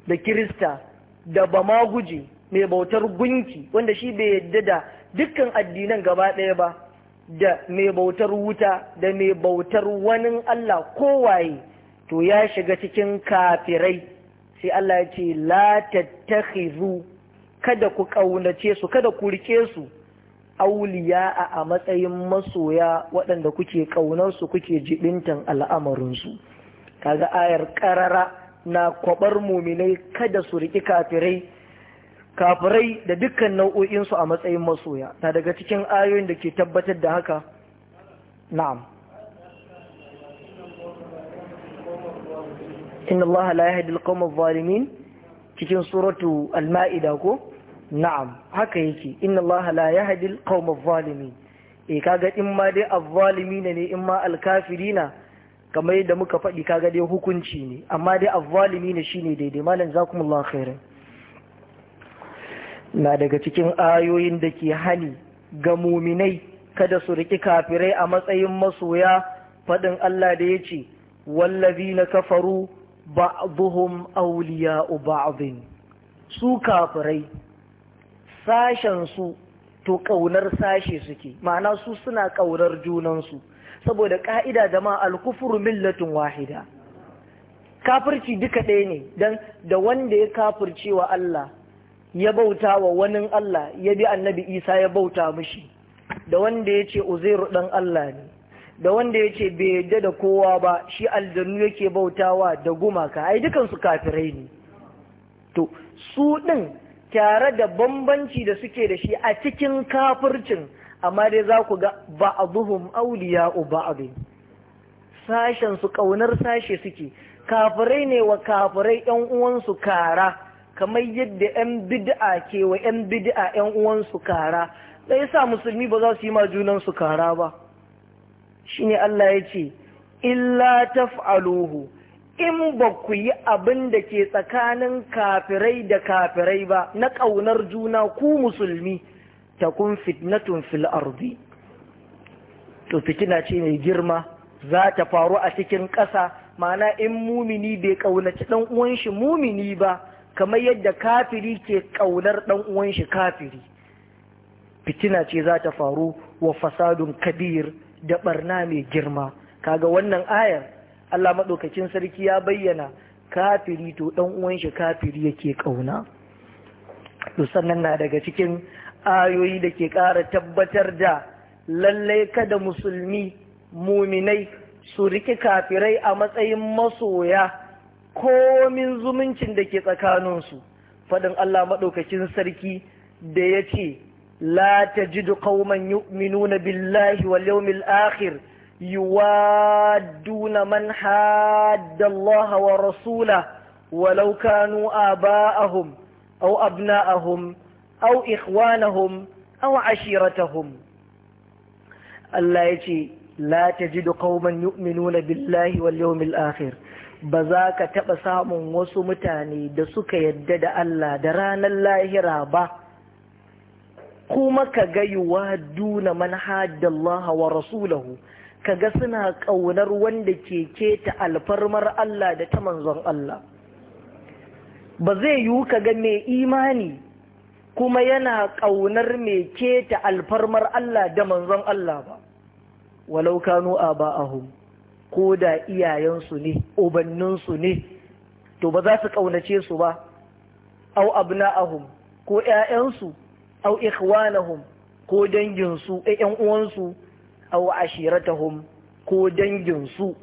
da kirista da ba maguji mai bautar gunki wanda shi bai yadda da dukkan addinan gaba ɗaya ba da mai bautar wuta da mai bautar wani Allah kowaye to ya shiga cikin kafirai sai Allah ya ce la tattakhizu kada ku kaunace su kada ku rike su auliya a matsayin masoya waɗanda kuke su kuke jibintan al'amarin su kaga ayar ƙarara na kwabar muminai kada su riƙi kafirai kafirai da dukkan nau'o'insu a matsayin masoya na daga cikin ayoyin da ke tabbatar da haka na'am inna Allah la yahdi al-qawma adh-dhalimin cikin suratu al-ma'ida ko na'am haka yake inna Allah la yahdi al-qawma adh-dhalimin eh kaga in ma dai adh-dhalimina ne in ma al-kafirina kamar yadda muka faɗi kaga dai hukunci ne amma dai adh-dhalimina shine daidai malam zakumullahu khairan na daga cikin ayoyin da ke hani ga muminai kada su riƙi kafirai a matsayin masoya faɗin Allah da ya ce wallazi na kafaru ba'duhum awliya'u abin su kafirai sashen su to ƙaunar sashe suke ma'ana su suna ƙaunar junansu saboda ƙa'ida jama'a al-kufru millatin wahida kafirci duka ɗaya ne dan da wanda ya kafirce wa Allah ya bauta wa wani Allah ya bi annabi Isa ya bauta mishi da wanda ya ce Uzairu ɗan Allah ne da wanda ya ce bai yadda da kowa ba shi aljanu yake bautawa da gumaka ai dukansu kafirai ne to su ɗin tare da bambanci da suke da shi a cikin kafircin amma dai za ku ga ba'aduhum awliya'u ba'd sashen su kaunar sashe suke kafirai ne wa kafirai 'yan uwansu kara kamar yadda 'yan bid'a ke wa 'yan bid'a 'yan uwansu kara da sa musulmi ba za su yi ma junansu kara ba shine Allah ya ce illa taf'aluhu in ba ku yi abin da ke tsakanin kafirai da kafirai ba na ƙaunar juna ku musulmi ta kun fitnatun fil ardi to fitina ce mai girma za ta faru a cikin ƙasa ma'ana in mumini bai ƙaunaci ɗan uwan shi mumini ba kamar yadda kafiri ke ƙaunar ɗan uwan shi kafiri fitina ce za ta faru wa fasadun kabir da barna mai girma kaga wannan ayar Allah maɗaukacin sarki ya bayyana kafiri to ɗan uwan shi kafiri yake ƙauna to sannan na daga cikin ayoyi da ke ƙara tabbatar da lallai kada musulmi muminai su riƙe kafirai a matsayin masoya komin zumuncin da ke tsakaninsu faɗin Allah maɗaukacin sarki da ya ce la tajidu qauman yu'minuna billahi wal yawmil akhir yuwadduna man haɗa Allah wa rasula walau kanu aba'ahum au abna'ahum au ikhwanahum au ashiratahum Allah ya ce la tajidu qauman yu'minuna billahi wal yawmil akhir ba za ka taɓa samun wasu mutane da suka yarda da Allah da ranar lahira ba kuma ka ga duna man wa rasulahu ga suna ƙaunar wanda ke keta alfarmar Allah da ta manzon Allah ba zai yiwu ga mai imani kuma yana ƙaunar mai keta alfarmar Allah da manzon Allah ba walau kanu aba'ahum ko da iyayensu ne obanninsu ne to ba za su ƙaunace su ba au abna'ahum ko ‘ya'yansu au ikhwanahum ko danginsu eh, ‘yan uwansu au ashiratahum ko danginsu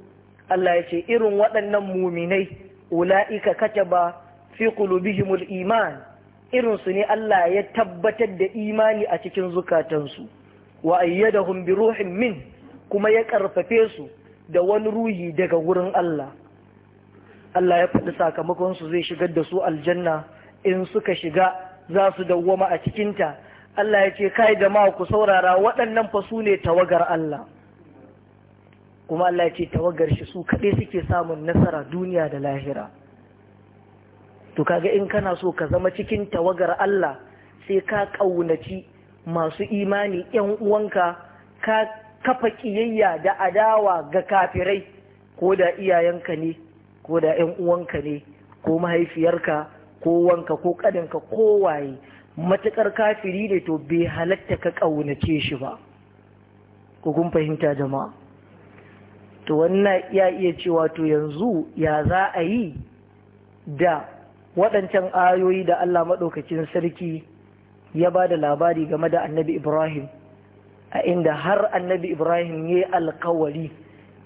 Allah ya ce irin waɗannan muminai ula'ika ba, fi qulubihimul iman irinsu ne Allah ya tabbatar da imani a cikin zukatansu wa ayyadahum bi ruhin min kuma ya ƙarfafe su da wani ruhi daga wurin Allah Allah ya faɗi sakamakon su zai shigar da su aljanna in suka shiga za su dawwama a cikinta Allah ya ce kai ma ku saurara waɗannan fa su ne tawagar Allah kuma Allah ya ce tawagar shi su kaɗai suke samun nasara duniya da lahira to kaga in kana so ka zama cikin tawagar Allah sai ka ƙaunaci masu imani ‘yan uwanka ka kafa kiyayya da adawa ga kafirai ko da iyayenka ne ko da ‘yan uwanka ne ko mahaifiyarka ko wanka ko ƙaninka ko waye matuƙar kafiri ne to bai halatta ka ƙaunace shi ba ko kun fahimta jama'a to wannan ya iya cewa to yanzu ya za a yi da waɗancan ayoyi da Allah maɗaukacin sarki ya ba da labari game da annabi Ibrahim a inda har annabi ibrahim ya yi alkawari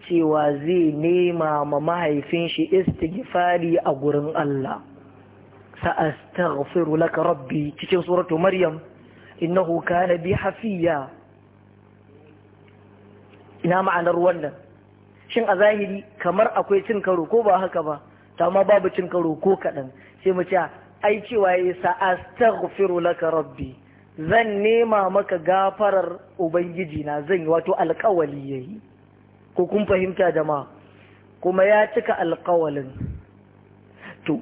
cewa zai nema ma mahaifin shi istighfari a gurin Allah sa'astaghfiru laka rabbi cikin suratu maryam innahu kana bi hafiya ina ma'anar wannan shin a zahiri kamar akwai cin karo ko ba haka ba ta ma babu cin karo ko kaɗan sai mu ce ai cewa ya sa'astaghfiru laka rabbi zan nema maka gafarar ubangiji na zan yi wato alkawali ya yi. ko kun fahimta jama'a kuma ya cika alkawalin to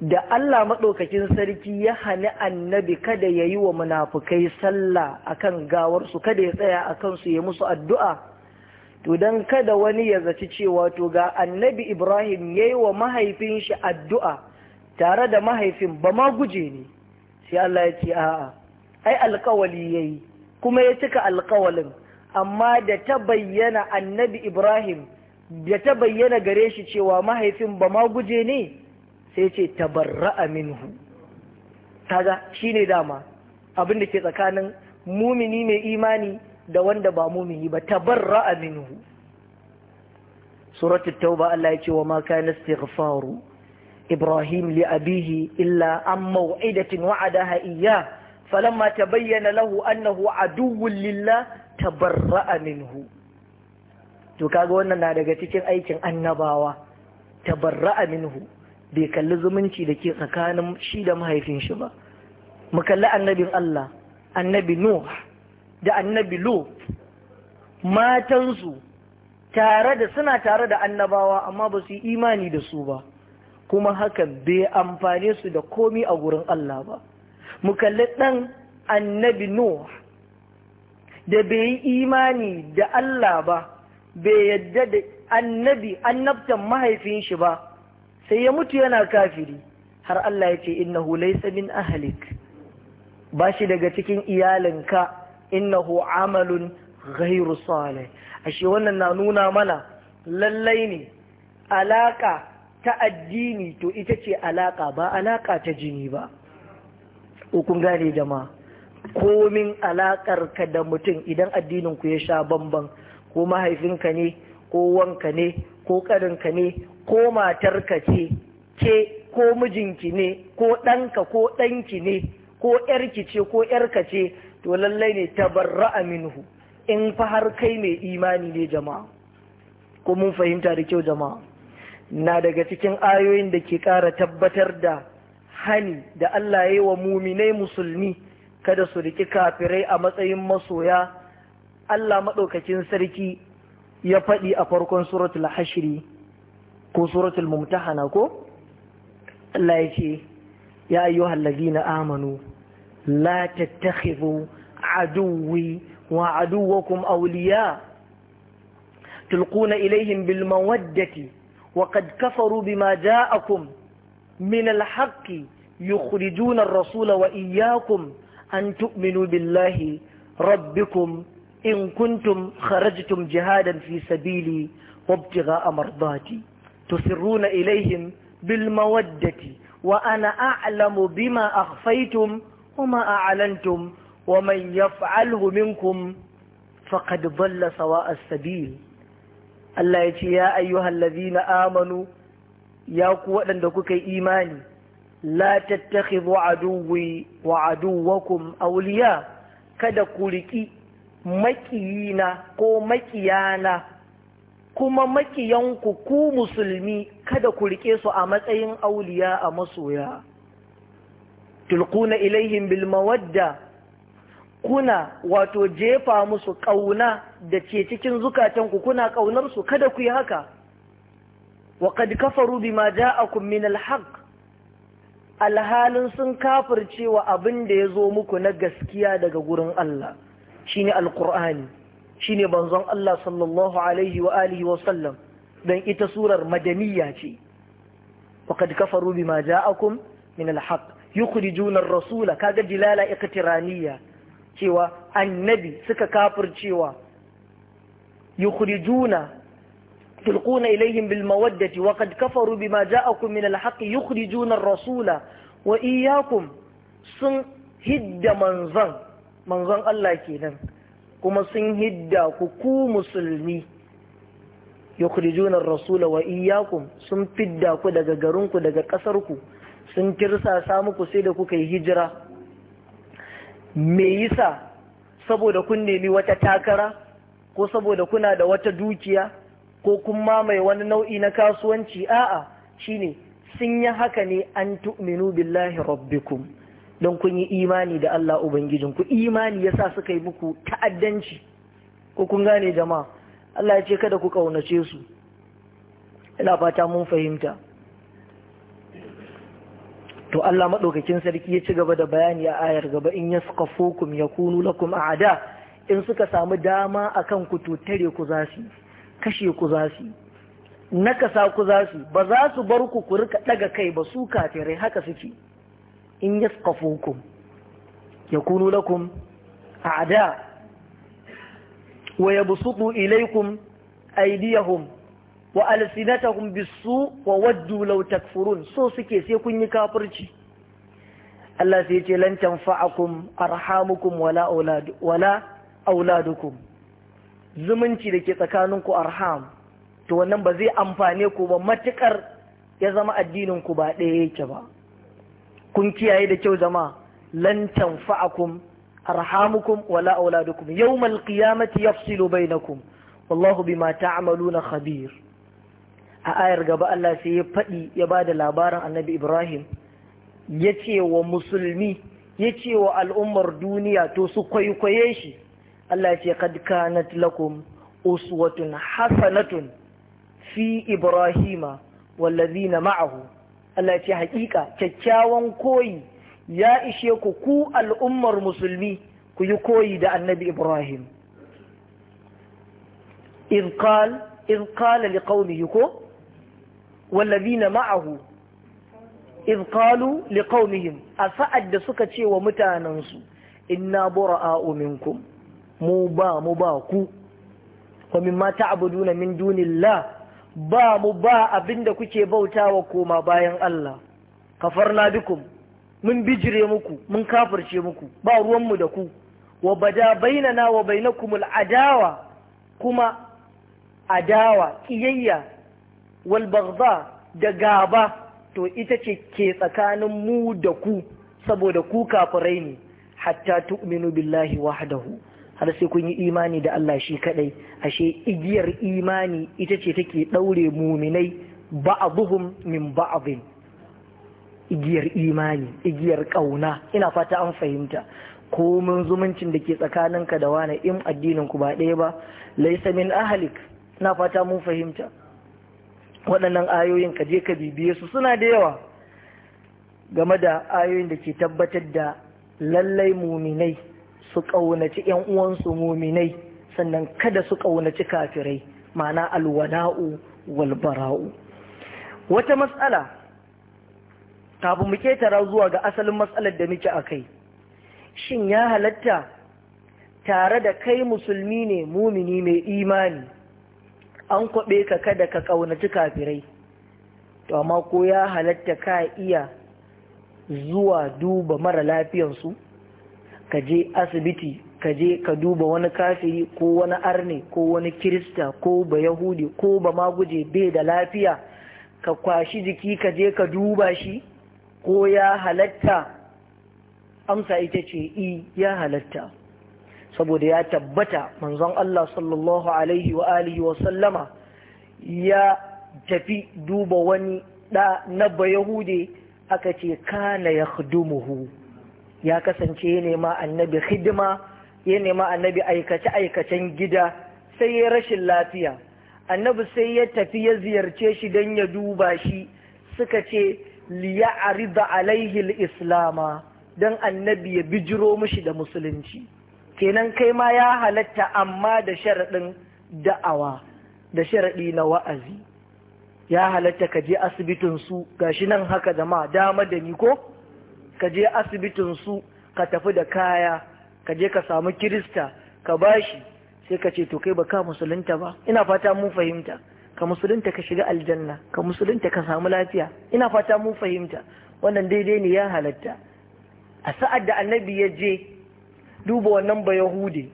da Allah maɗaukakin sarki ya hani annabi kada ya yi wa munafukai sallah akan gawarsu kada ya tsaya a kansu ya musu addu'a to don kada wani ya zaci cewa to ga annabi ibrahim ya yi wa mahaifin shi addu'a tare da mahaifin ba ma guje ne sai Allah ya ce a'a ai alkawali yayi kuma ya cika alkawalin amma da ta bayyana annabi Ibrahim da ta bayyana gare shi cewa mahaifin ba ma guje ne sai ce tabarra'a minhu kaga shine dama abin da ke tsakanin mumini mai imani da wanda ba mumini ba tabarra'a minhu suratu tauba Allah ya ce wa ma kana istighfaru ibrahim li abihi illa an mau'idatin wa'adaha iyyah فلما تبين له أنه عدو لله تبرأ منه to kaga wannan na daga cikin aikin annabawa tabarra'a minhu bai kalli zumunci da ke tsakanin shi da mahaifin shi ba mu kalli annabin Allah annabi Nuh da annabi Lut matansu tare da suna tare da annabawa amma ba su yi imani da su ba kuma haka bai amfane su da komi a gurin Allah ba mu kalli ɗan annabi nuh da bai yi imani da Allah ba bai yadda da annabi annabtan mahaifin shi ba sai ya mutu yana kafiri har Allah ya ce innahu hulai min ahalik. ba shi daga cikin iyalinka innahu amalun ghairu Salai. ashe wannan na nuna mana lallai ne alaka ta addini to ita ce alaka ba alaka ta jini ba ko kun gane jama'a komin alakar ka da mutum idan addinin ku ya sha bamban ko mahaifinka ne ko wanka ne ko karinka ne ko matarka ce ke ko mijinki ne ko ɗanka ko ɗanki ne ko ƴarki ce ko ƴarka ce to lallai ne tabarra'a minhu in fa har kai mai imani ne jama'a ko mun fahimta da kyau jama'a na daga cikin ayoyin da ke ƙara tabbatar da hani da Allah ya yi wa muminai musulmi kada su riki kafirai a matsayin masoya Allah maɗaukacin sarki ya faɗi a farkon suratul hashiri ko suratul mumtahana ko Allah ya ce ya ayyuhal na amanu la tattakhidhu aduwwi wa aduwwakum awliya tulquna ilayhim bil mawaddati وقد كفروا بما جاءكم من الحق يخرجون الرسول وإياكم أن تؤمنوا بالله ربكم إن كنتم خرجتم جهادا في سبيلي وابتغاء مرضاتي تسرون إليهم بالمودة وأنا أعلم بما أخفيتم وما أعلنتم ومن يفعله منكم فقد ضل سواء السبيل الله يا أيها الذين آمنوا يا قوة لندكوك إيماني la tattakhidhu aduwwi wa aduwwakum awliya kada ku riki makiyina ko makiyana kuma makiyanku ku musulmi kada ku rike su a matsayin auliya a masoya tulquna ilaihim bil mawadda kuna wato jefa musu ƙauna da ce cikin zukatanku kuna su kada ku yi haka wa qad kafaru bima ja'akum min al-haqq alhalin sun kafirce wa abin da ya zo muku na gaskiya daga gurin Allah shine alqur'ani shine banzon Allah sallallahu alaihi wa alihi wa sallam dan ita surar madaniya ce faqad kafaru bima ja'akum min alhaq yi yukhrijuna junar rasula kaga dilala ikitiraniya. cewa annabi suka kafircewa yukhrijuna تلقون إليهم بالمودة وقد كفروا بما جاءكم من الحق يخرجون rasula! wa iyakum sun hidda manzon manzon Allah kenan kuma sun hidda ku musulmi yukhrijuna ar-rasula wa iyakum sun fidda ku daga garinku daga ƙasarku sun kirsasa muku sai da kuka yi hijira me yasa saboda kun nemi wata takara ko saboda kuna da wata dukiya ko kuma mai wani nau'i na kasuwanci a'a shine sun yi haka ne an tu'minu billahi rabbikum don kun yi imani da Allah ubangijinku imani yasa suka yi muku ta'addanci ko kun gane jama'a Allah ya ce kada ku kaunace su ina fata mun fahimta to Allah madaukakin sarki ya ci gaba da bayani a ayar gaba in yasqafukum yakunu lakum a'da in suka samu dama akan ku to tare ku zasu kashe ku zasu Na kasa ku za su ba za su bar ku ku rika daga kai ba su kafirai haka suke in yaskafukum yakunu lakum a'da wa yabsutu ilaykum aydiyahum wa alsinatahum bisu wa waddu law takfurun so suke sai kun yi kafirci Allah sai ce lan tanfa'akum arhamukum wala aulad wala auladukum zumunci da ke tsakaninku arham to wannan ba zai amfane ku ba matukar ya zama addinin ku ba ɗaya yake ba kun kiyaye da kyau zama lan tanfa'akum arhamukum wala auladukum yawmal qiyamati yafsilu bainakum wallahu bima ta'maluna khabir a ayar gaba Allah sai ya faɗi ya ba da labarin annabi Ibrahim ya ce wa musulmi ya ce wa al'ummar duniya to su kwaikwaye shi Allah ce kad kanat lakum uswatun hasanatun fi ibrahima wallazina ma'ahu Allah ce haƙiƙa kyakkyawan koyi ya ishe ku ku al'ummar musulmi kuyi koyi da annabi ibrahim in qala li qaumihi a sa'ad da suka ce wa mutanensu inna bura'a'u minkum mu ba mu ba ku wa mimma ta'buduna min dunillah ba mu ba abinda kuke bautawa koma bayan Allah na dukum mun bijire muku mun kafirce muku ba ruwanmu da ku wa bada na wa bainakumul adawa kuma adawa kiyayya wal da gaba to ita ce ke tsakanin mu da ku saboda ku kafirai ne hatta tu'minu billahi wahdahu har sai kun yi imani da Allah shi kadai ashe igiyar imani ita ce take daure muminai ba'dhum min ba'dhin igiyar imani igiyar kauna ina fata an fahimta Ko mun zumuncin da ke tsakaninka da wani in addinin ku ba ɗaya ba laisa min ahalik na fata mun fahimta waɗannan ayoyin ka je ka bibiye su suna da yawa game da ayoyin da ke tabbatar da lallai muminai su ƙaunaci ‘yan uwansu muminai sannan kada su ƙaunaci kafirai ma'ana alwana'u walbara'u wata matsala kafin mu tara zuwa ga asalin matsalar da muke a kai shin ya halatta tare da kai musulmi ne mumini mai imani an kwaɓe ka kada ka ƙaunaci kafirai to amma ko ya halatta ka iya zuwa duba mara lafiyansu ka je asibiti ka je ka duba wani kafiri ko wani arne ko wani kirista ko ba yahudi ko ba maguje bai da lafiya ka kwashi jiki ka je ka duba shi ko ya halatta amsa ita ce i e, ya halatta saboda ya tabbata manzon Allah sallallahu alaihi wa alihi wa sallama ya tafi duba wani da na bayahude aka ce kana yakhdumuhu ya kasance ya nema annabi hidima ya nema annabi aikace-aikacen gida sai ya rashin lafiya annabi sai ya tafi ya ziyarce shi don ya duba shi suka ce liya arida alaihi islama don annabi ya bijiro mushi da musulunci kenan kai ma ya halatta amma da sharaɗin da'awa da sharaɗi na wa'azi ya halatta ka je asibitinsu ga shi nan haka da ma dama da ni ko ka je asibitinsu ka tafi da kaya ka je ka samu kirista ka bashi sai ka ce to kai ba ka musulunta ba ina fata mun fahimta ka musulunta ka shiga aljanna ka musulunta ka samu lafiya ina fata mun fahimta wannan daidai ne ya halatta a sa'ad da annabi ya je duba wannan ba yahudi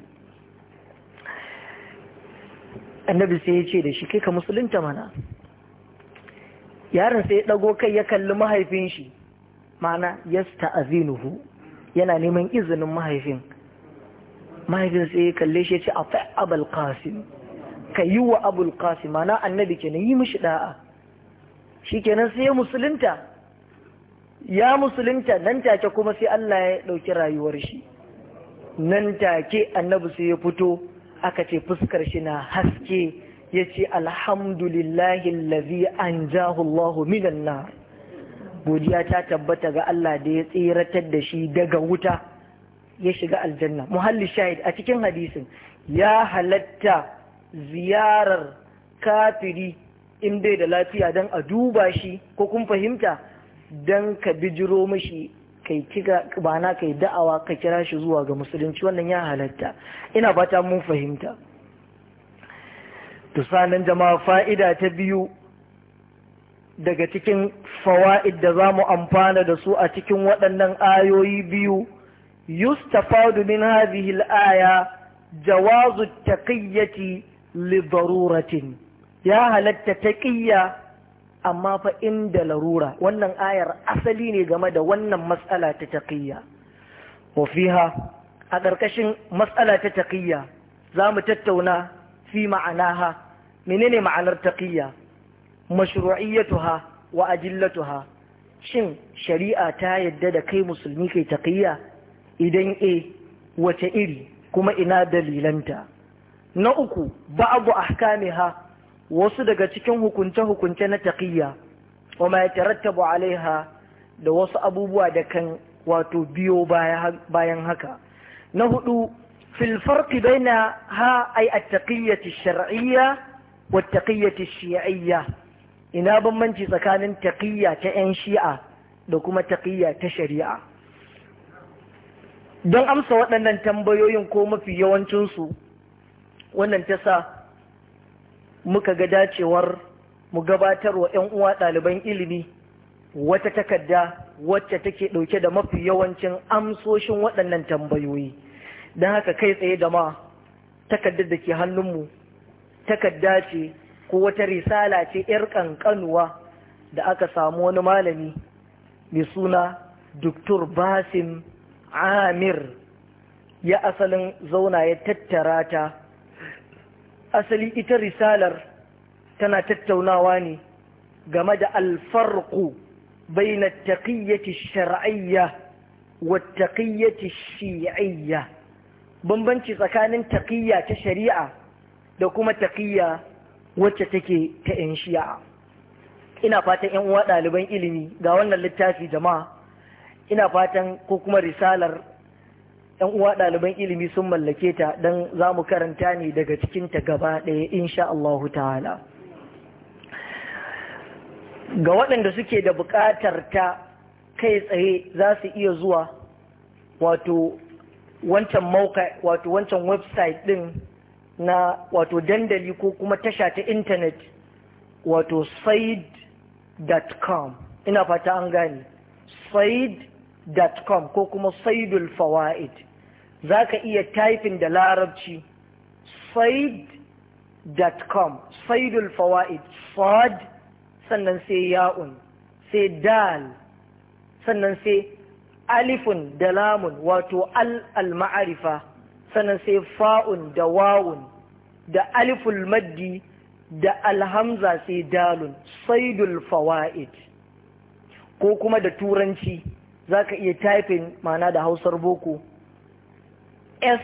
annabi sai ya ce da shi kai ka musulunta mana yaron sai ya ɗago kai ya kalli mahaifin shi ma'ana yasta azinuhu yana neman izinin mahaifin mahaifin sai ya kalle shi ya ce afa abul qasim ka yi wa abul qasim ma'ana annabi kenan yi mishi da'a shikenan sai ya musulunta ya musulunta nan take kuma sai Allah ya dauki rayuwar shi nan take annabi sai ya fito aka ce fuskar shi na haske yace alhamdulillahi allazi anjahu Allahu minan nar godiya ta tabbata ga Allah da ya tsiratar da shi daga wuta ya shiga aljanna muhalli shahid a cikin hadisin ya halatta ziyarar kafiri in bai da lafiya don a duba shi ko kun fahimta don ka bijiro mashi kai kiga bana kai da'awa ka kira shi zuwa ga musulunci wannan ya halatta ina fata mun fahimta to sanan jama'a fa'ida ta biyu daga cikin fawa'id da za mu amfana da su a cikin waɗannan ayoyi biyu yustafadu min hadhihi al-aya jawazu taqiyyati Libaruratin, ya halatta taƙiyya amma fa inda larura wannan ayar asali ne game da wannan matsala ta taƙiyya. wa a ƙarƙashin matsala ta taƙiyya, za mu tattauna fi ma'anaha menene ma'anar taqiyya mashru'iyyatuha wa ajillatuha shin shari'a ta yadda da kai musulmi kai taqiyya idan e wace iri kuma ina dalilanta na uku ba'du ahkamiha wasu daga cikin hukunce hukunce na taqiyya wa ma yatarattabu alaiha da wasu abubuwa da kan wato biyo bayan haka na hudu fil farqi baina ha ay at-taqiyyati ash-shar'iyya wat-taqiyyati ash-shi'iyya ina bambanci tsakanin taƙiyya ta 'yan shi'a da kuma taƙiyya ta shari'a don amsa waɗannan tambayoyin ko mafi yawancinsu wannan ta sa muka ga dacewar mu gabatarwa 'yan uwa ɗaliban ilimi wata takarda wacce take ɗauke da mafi yawancin amsoshin waɗannan tambayoyi don haka kai tsaye da ma takardar da ke hannunmu takarda ce ko wata risala ce ‘yar ƙanƙanuwa da aka samu wani malami mai suna Dr. Basim Amir ya asalin zauna ya tattara ta. Asali ita risalar tana tattaunawa ne game da alfarku bai na taƙiyyaci shar'ayya wa taƙiyyaci shi'ayya. Bambanci tsakanin taƙiyya ta shari'a da kuma taƙiyya wacce take ta 'yan shi'a ina fatan 'yan uwa ɗaliban ilimi ga wannan littafi jama'a ina fatan ko kuma risalar 'yan uwa ɗaliban ilimi sun mallake ta don za mu karanta ne daga cikinta gaba ɗaya insha Allahu ta'ala ga waɗanda suke da buƙatar ta kai tsaye za su iya zuwa wato wancan website ɗin na wato dandali ko kuma tasha ta intanet wato said.com ina fata an gane said.com ko kuma saidul fawaid za ka iya taifin da larabci said.com saidul fawaid sad sannan sai ya'un sai dal sannan sai alifun da lamun wato al-ma'arifa sannan sai fa'un da wawun da aliful maddi da alhamza sai dalun saidul fawaid ko kuma da turanci za ka iya typing mana da hausar boko s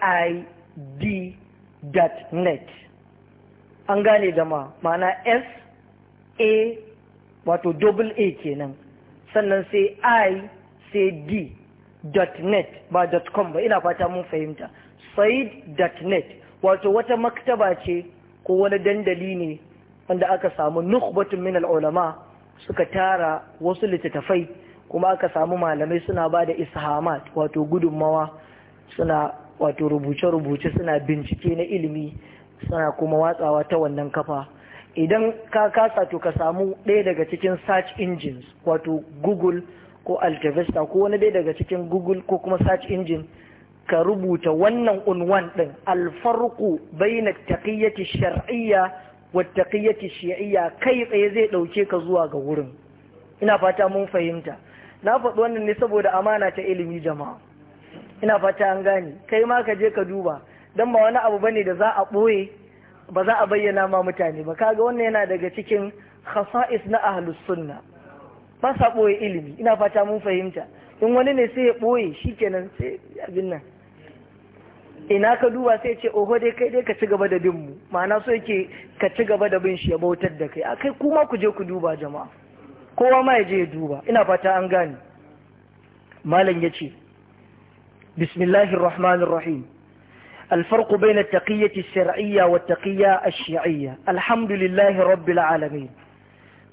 a i net an gane jama mana s a wato double a kenan sannan sai i sai d dot net ba dot com ba ina fata mun fahimta said.net wato wata maktaba ce ko wani dandali ne wanda aka samu nukhbatun min ulama suka tara wasu littattafai kuma aka samu malamai suna ba da ishamat wato gudunmawa suna wato rubuce-rubuce suna bincike na ilimi suna kuma watsawa ta wannan kafa idan ka kasa to ka samu ɗaya daga cikin search engines wato google ko altavista ko wani ɗaya daga cikin google ko kuma search engine ka rubuta wannan unwan ɗin alfarku bai na taƙiyyaci shari'a wa taƙiyyaci shari'a kai tsaye zai ɗauke ka zuwa ga wurin ina fata mun fahimta na faɗi wannan ne saboda amana ta ilimi jama'a ina fata an gane kai ma ka je ka duba Don ba wani abu bane da za a ɓoye ba za a bayyana ma mutane ba kaga wannan yana daga cikin khasa'is na ahlus sunna ba sa ɓoye ilimi ina fata mun fahimta in wani ne sai ya ɓoye shikenan sai abin nan ina ka duba sai ce oho dai kai dai ka ci gaba da bin mu ma'ana so yake ka ci gaba da bin shi ya bautar da kai akai kuma ku je ku duba jama'a kowa ma ya je ya duba ina fata an gane malam yace bismillahir rahmanir rahim الفرق بين التقية الشرعية والتقية الشيعية الحمد لله رب العالمين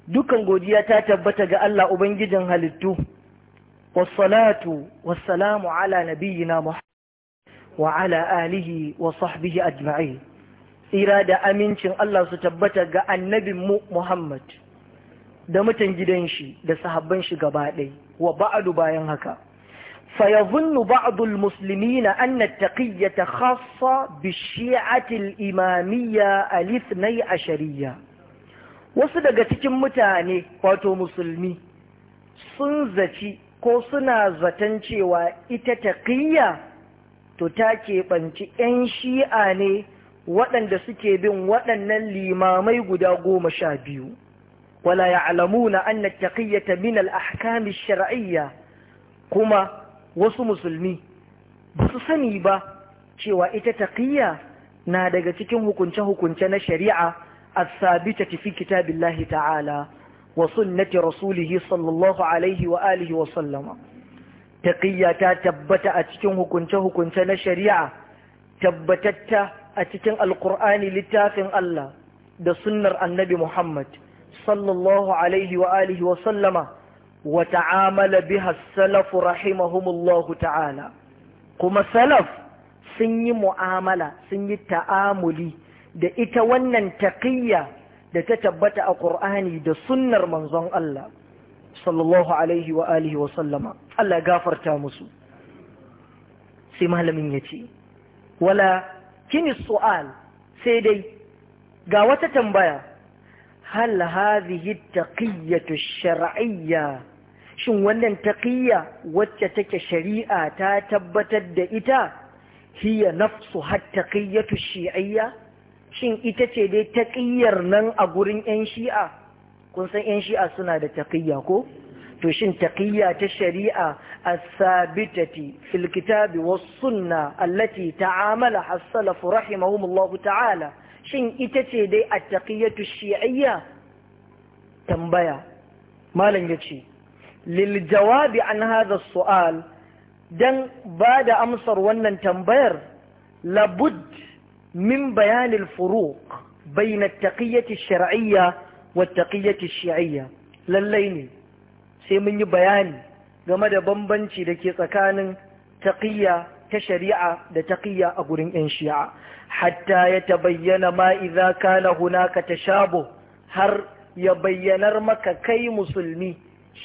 dukan godiya ta tabbata ga Allah Ubangijin halittu, wassalatu wassalamu ala nabiyyina Wa wa Alihi وعلى آله وصحبه أجمعين إرادة أمينشن الله ستبتا غا النبي Muhammad. da mutan gidan shi da sahabban shi gaba ɗai wa ba'adu bayan haka fa yadhunnu ba'dul muslimina anna at-taqiyyata khassa bi shi'ati al-imamiyya al wasu daga cikin mutane wato musulmi sun zaci ko suna zaton cewa ita taqiyya to ta keɓanci 'yan shi'a ne waɗanda suke bin waɗannan limamai guda goma sha biyu wala ya'lamuna anna taqiyyata min al-ahkam shariyya kuma wasu musulmi ba su sani ba cewa ita taƙiyya na daga cikin hukunce-hukunce na shari'a as-sabita tafi kitabillahi ta'ala wa sunnati rasulih sallallahu alaihi wa alihi wa sallama taqiyya ta tabbata a cikin hukunce-hukunce na shari'a tabbatatta a cikin alƙur'ani littafin Allah da sunnar annabi Muhammad sallallahu alaihi wa alihi wa sallama wa ta'amala biha salafu rahimahumullahu ta'ala kuma salaf sun yi mu'amala sun yi ta'amuli da ita wannan taqiyya da ta tabbata a ƙur'ani da sunnar manzon Allah sallallahu alaihi wa alihi wa sallama Allah gafarta musu sai malamin ya ce wala kini su'al sai dai ga wata tambaya hal hadhihi taqiyatu shar'iyya shin wannan taqiyya wacce take shari'a ta tabbatar da ita hiya nafsu hattaqiyatu shi'iyya shin ita ce dai taqiyyar nan a gurin yan shi'a kun san yan shi'a suna da taqiyya ko to shin taqiyya ta shari'a as-sabitati fil kitabi was sunna allati ta'amala as-salaf rahimahumullah ta'ala shin ita ce dai at-taqiyatu shi'iyya tambaya malam yace lil jawabi an hadha as-su'al dan bada amsar wannan tambayar labud min bayanil furuq bayna at-taqiyati ash-shar'iyya wattaqiyyati shi'iyya lallai ne sai mun yi bayani game da bambanci da ke tsakanin taqiyya ta shari'a da taqiyya a gurin yan shi'a hatta ya tabayyana ma idza kana hunaka tashabu har ya bayyanar maka kai musulmi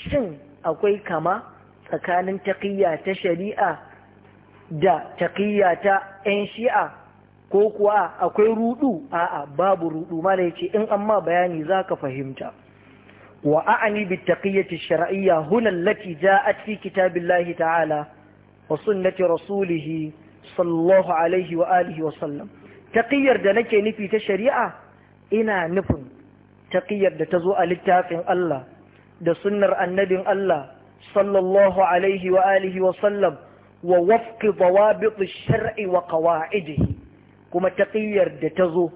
shin akwai kama tsakanin taqiyya ta shari'a da taqiyya ta yan shi'a ko kuwa akwai rudu a'a babu rudu mala yace in amma bayani zaka fahimta wa a'ani bit taqiyyati shar'iyya huna allati ja'at fi kitabillahi ta'ala wa sunnati rasulih sallallahu alaihi wa alihi wa sallam taqiyar da nake nufi ta shari'a ina nufin taqiyar da tazo a littafin Allah da sunnar annabin Allah sallallahu alaihi wa alihi wa sallam wa wafqi dawabit ash-shar'i wa qawa'idihi kuma taƙiyyar da ta zo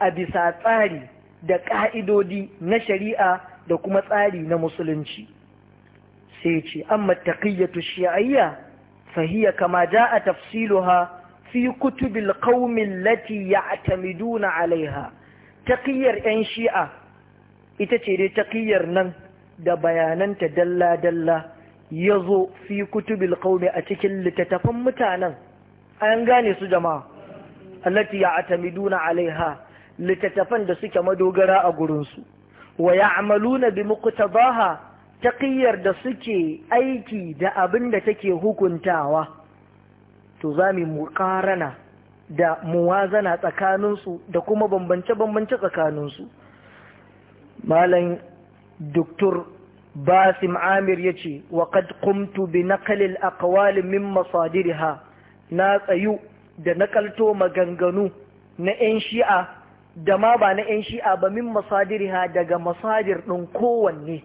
a bisa tsari da ƙa'idodi na shari'a da kuma tsari na musulunci sai ce amma taƙiyyatu shi'ayya fahiyya kama ja a tafsiluha fi kutubil qaumin lati ya'tamiduna alaiha taƙiyyar 'yan shi'a ita ce dai taƙiyyar nan da bayananta dalla-dalla ya zo fi kutubil qaumi a cikin littattafan mutanen an gane su jama'a allati ya'tamiduna alaiha littattafan da suke madogara a gurinsu wa ya'maluna bi muqtadaha taqiyar da suke aiki da abin da take hukuntawa to zamu muqarana da muwazana tsakaninsu da kuma bambance-bambance tsakaninsu malam doktor basim amir ya ce wa qad qumtu bi naqlil aqwali min masadiriha na tsayu da nakalto maganganu na 'yan shi'a da ma ba na 'yan shi'a ba min masadiriha daga masadir ɗin kowanne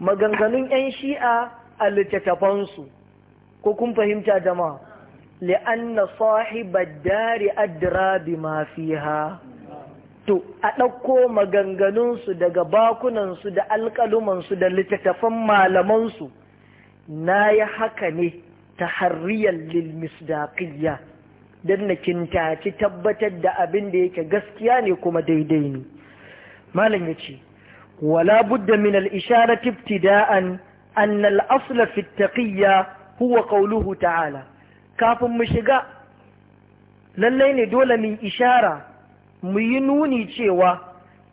maganganun 'yan shi'a a littattafansu ko kun fahimta jama'a li'anna sahibar dare adira bi mafiha to a ɗauko maganganunsu daga bakunansu da alƙalumansu da littattafan malamansu na yi haka ne ta harriyar don na kintaci tabbatar da abin da yake gaskiya ne kuma daidai ne malam ya ce wala budda min al-isharati ibtida'an an al-asla fi taqiyya huwa qawluhu ta'ala kafin mu shiga lallai ne dole mu ishara mu yi nuni cewa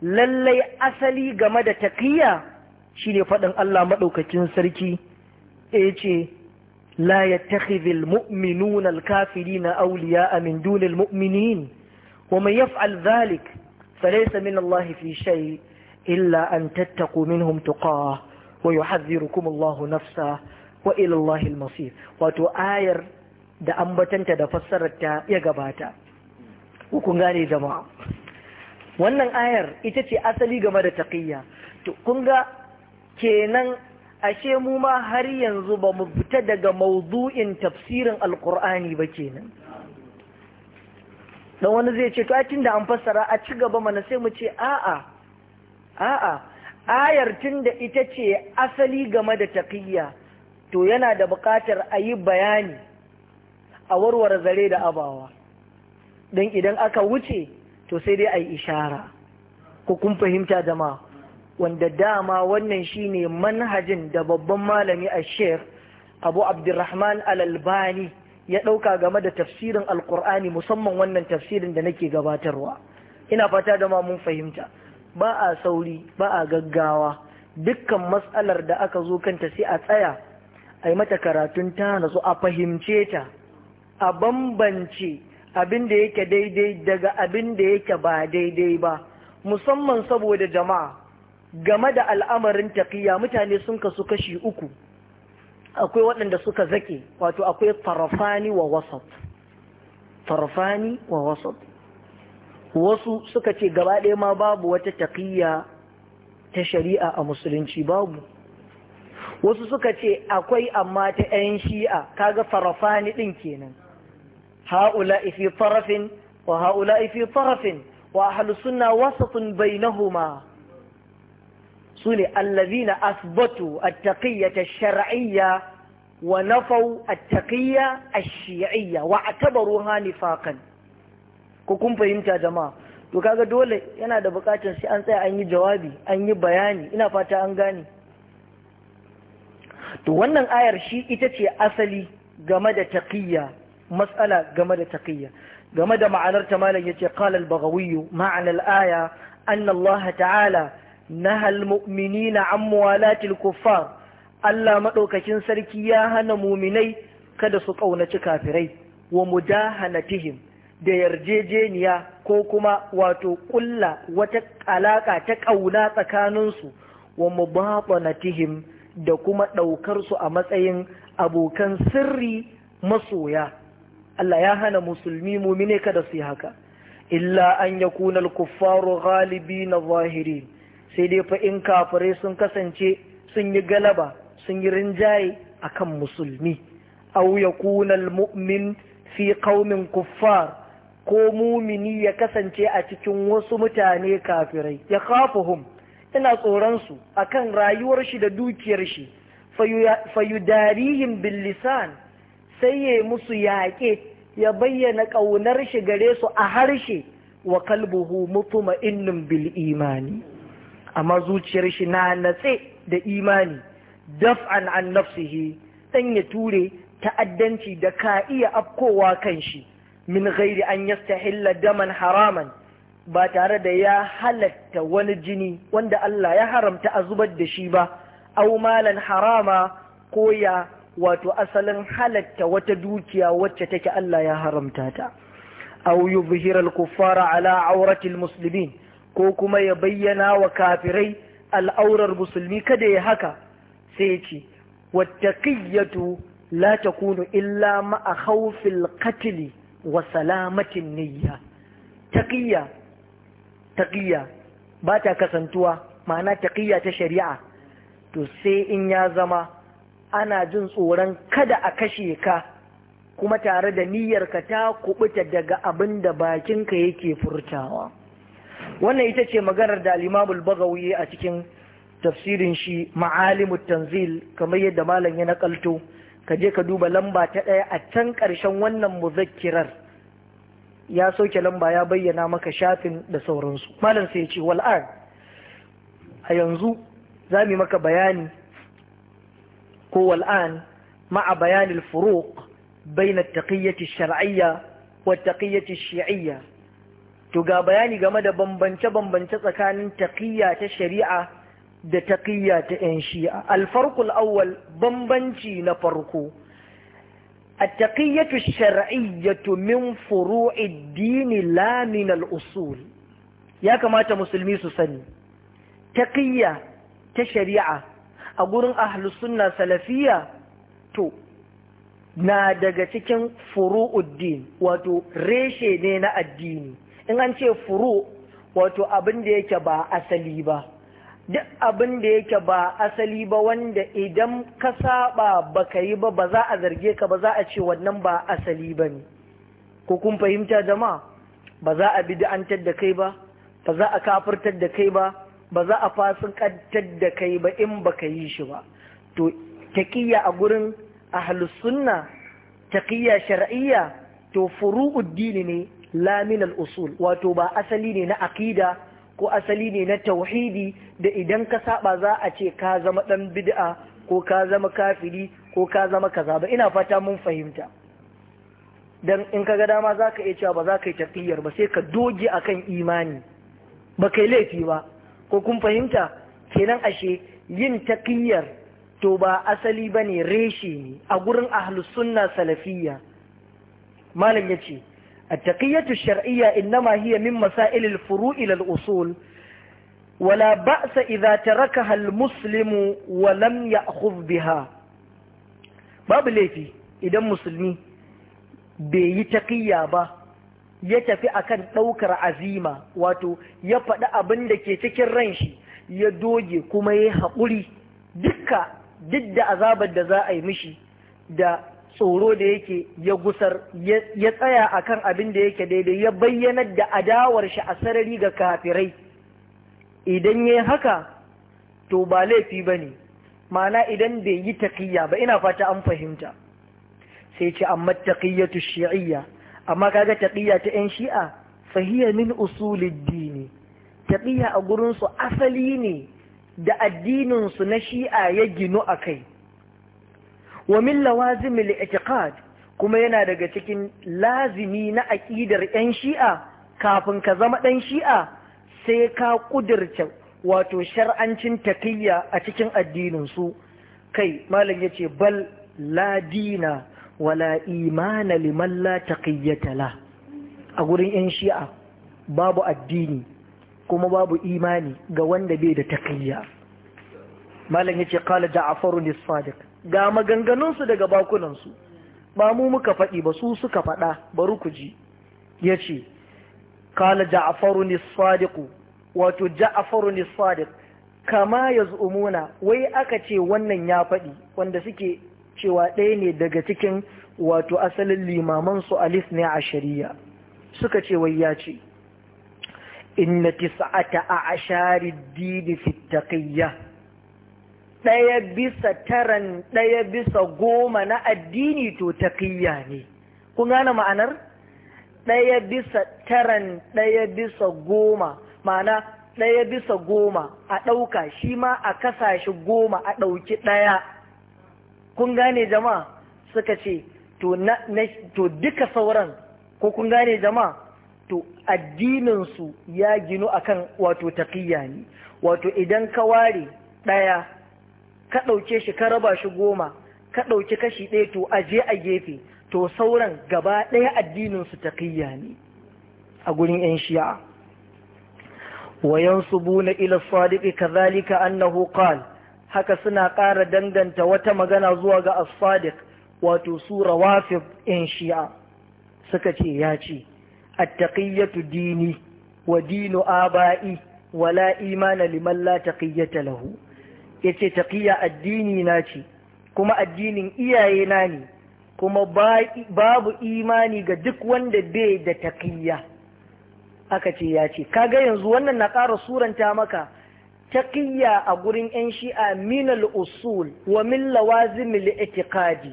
lallai asali game da taqiyya shine faɗin Allah maɗaukakin sarki ya ce لا يتخذ المؤمنون الكافرين أولياء من دون المؤمنين ومن يفعل ذلك فليس من الله في شيء إلا أن تتقوا منهم تقاه ويحذركم الله نفسه وإلى الله المصير وتآير da ambatanta da fassararta ya gabata kun gane jama'a wannan ayar ita ce asali game da taqiyya to kun ga kenan ashe mu ma har yanzu ba mu fita daga mawudu'in tafsirin alkur'ani ba ke nan? ɗan wani zai ce to da an fassara a ci gaba mana sai mu ce a'a a'a ayar tun da ita ce asali game da tafiya to yana da buƙatar a yi bayani a warware zare da abawa don idan aka wuce to sai dai a yi ishara ko kun fahimta jama'a wanda dama wannan shine manhajin da babban malami a shef abu abdurrahman al-albani ya ɗauka game da tafsirin alkur'ani musamman wannan tafsirin da nake gabatarwa ina fata da ma mun fahimta ba a sauri ba a gaggawa dukkan matsalar da aka zo kanta sai a tsaya a yi mata karatun ta nasu a fahimce ta a bambance abin da yake daidai daga abin da yake ba daidai ba musamman saboda jama'a game da al'amarin taƙiyya mutane sun kasu kashi uku akwai waɗanda suka zake wato akwai farafani wa wasat farafani wa wasat wasu suka ce gaba ɗaya ma babu wata taƙiyya ta shari'a a musulunci babu wasu suka ce akwai amma ta 'yan shi'a kaga farfani ɗin kenan ha'ula ifi farafin wa ha'ula ifi farafin wa ahlus sunna wasatun bainahuma su ne allazina asbatu attaqiyyata shar'iyya wa nafau attaqiyya ash-shi'iyya wa atabaruha nifaqan ku kun fahimta jama'a to kaga dole yana da bukatar sai an tsaya an yi jawabi an yi bayani ina fata an gane to wannan ayar shi ita ce asali game da taqiyya matsala game da taqiyya game da ma'anar ta malam yace qala al-baghawi ma'ana al-aya anna ta'ala nahal mu'minina an muwalatil kuffar Allah madaukakin sarki ya hana muminai kada su kaunaci kafirai wa mudahanatihim da yarjejeniya ko kuma wato kulla wata alaka ta kauna tsakaninsu wa mubatanatihim da kuma daukar su a matsayin abokan sirri masoya Allah ya hana musulmi mumine kada su yi haka illa an yakuna al-kuffaru ghalibina zahirin sai dai fa in kafirai sun kasance sun yi galaba sun yi rinjaye akan musulmi ya yakuna mumin fi qaumin kuffar ko mumini ya kasance a cikin wasu mutane kafirai ya khafuhum ina tsoron su akan rayuwar shi da dukiyar shi fayudarihim darihin sai ya musu yaƙe ya bayyana ƙaunar shi gare su a harshe wa kalbuhu mutuma innin bil imani amma zuciyar shi na natse da imani daf'an an nafsihi dan ya ture ta'addanci da ka iya afkowa kan shi min ghairi an yastahilla daman haraman ba tare da ya halatta wani jini wanda Allah ya haramta a zubar da shi ba au malan harama ko ya wato asalin halatta wata dukiya wacce take Allah ya haramta ta au yuzhira al-kuffara ala awrati muslimin ko kuma ya bayyana wa kafirai al'aurar musulmi kada ya haka sai ya ce wattaqiyyatu la kunu illa a haufin katili wa salamatin niyya Taƙiyya taƙiyya ba ta kasantuwa ma'ana taƙiyya ta shari'a to sai in ya zama ana jin tsoron kada a kashe ka kuma tare da niyyarka ta kubuta daga abin da bakinka yake furtawa wannan ita ce maganar da Limamul imamul bagawi a cikin tafsirin shi ma'alimul tanzil kamar yadda malam ya nakalto ka je ka duba lamba ta ɗaya a can ƙarshen wannan muzakkirar ya soke lamba ya bayyana maka shafin da sauransu malam sai ya ce wal'ar a yanzu za mu maka bayani ko wal'an ma'a bayanin furuq baina taƙiyyar shar'iyya wa taƙiyyar shi'iyya to ga bayani game da bambance-bambance tsakanin taƙiyya ta shari'a da taƙiyya ta 'yan shi'a alfarkul awwal bambanci na farko a taƙiyyatu shar'iyyatu min furu'id din la usul ya kamata musulmi su sani Taƙiyya ta shari'a a gurin ahlusunna salafiya to na daga cikin furu'uddin wato reshe ne na addini in an ce furu wato abin da yake ba asali ba duk abin da yake ba asali ba wanda idan ka saba baka yi ba ba za a zarge ka ba za a ce wannan ba asali ba ne ko kun fahimta jama ba za a bi da'antar da kai ba ba za a kafirtar da kai ba ba za a kantar da kai ba in baka yi shi ba to taqiyya a gurin ahlus sunna taqiyya shar'iyya to furu'uddini ne laminal usul wato ba asali ne na akida ko asali ne na tauhidi da idan ka saba za a ce ka zama ɗan bid'a ko ka zama kafiri ko ka zama kaza ba ina fata mun fahimta dan in ka ga dama za ka iya cewa ba za ka yi tafiyar ba sai ka doge akan imani ba kai laifi ba ko kun fahimta kenan ashe yin tafiyar to ba asali bane reshe ne a gurin ahlus sunna salafiyya malam yace A التقية الشرعية إنما هي من مسائل الفروء إلى الأصول ولا بأس إذا تركها المسلم ولم Babu laifi idan musulmi bai yi بي ba, ya tafi akan ɗaukar azima wato ya faɗi abin da ke cikin shi ya doge kuma ya haƙuri duka duk da azabar da za a yi mishi da tsoro da yake ya gusar ya tsaya a kan abin da yake daidai ya bayyana da adawar shi a sarari ga kafirai idan yayi haka to ba laifi ba ne, mana idan bai yi taƙiyya ba ina fata an fahimta sai ce amma taqiyatu shi'iyya amma kaga taƙiyya ta yan shi'a fahiya min usulid dini a gurinsu asali ne da addininsu na shi'a ya ginu kai. wa min lawazim al-i'tiqad kuma yana daga cikin lazimi na aqidar yan shi'a kafin ka zama ɗan shi'a sai ka kudirce wato shar'ancin takiyya a cikin addinin su kai malam yace bal la dina wala imana liman la taqiyyata la a gurin yan shi'a babu addini kuma babu imani ga wanda bai da taqiyya malam yace qala ja'faru lis-sadiq ga maganganunsu daga bakunansu ba mu muka faɗi ba su suka faɗa bari ku ji ya ce kala ja'afaru ne sadiku wato ja'afaru ne sadik kama ya umuna wai aka ce wannan ya faɗi wanda suke cewa ɗaya ne daga cikin wato asalin limaman su alif ne a shari'a suka ce wai ya ce inna tis'ata a ashari didi fitaqiyya ɗaya bisa taran ɗaya bisa goma na addini to taƙiyya ne kun gane ma'anar ɗaya bisa taran ɗaya bisa goma ma'ana ɗaya bisa goma a ɗauka shi ma a kasashe goma a ɗauki ɗaya kun gane jama'a suka ce to, duka sauran ko kun gane jama'a to addininsu ya ginu akan wato taƙiyya ne wato idan ka ware ɗaya ka ɗauke shi ka raba shi goma ka ɗauki kashi ɗaya to a je a gefe to sauran gaba ɗaya addininsu taƙiyya ne a gurin 'yan shi'a wayan subu na ila sadiqi kazalika annahu qal haka suna ƙara danganta wata magana zuwa ga as-sadiq wato sura wafib 'yan shi'a suka ce ya ce at taqiyatu dini wa dinu aba'i wala imana liman la taqiyata lahu yace taƙiya addini na ce kuma addinin iyaye na ne kuma babu imani ga duk wanda bai da taƙiya aka ce ya ce kaga yanzu wannan na ƙara suranta maka taƙiyya a gurin 'yan shi'a minal usul wa min lawazimil itiqadi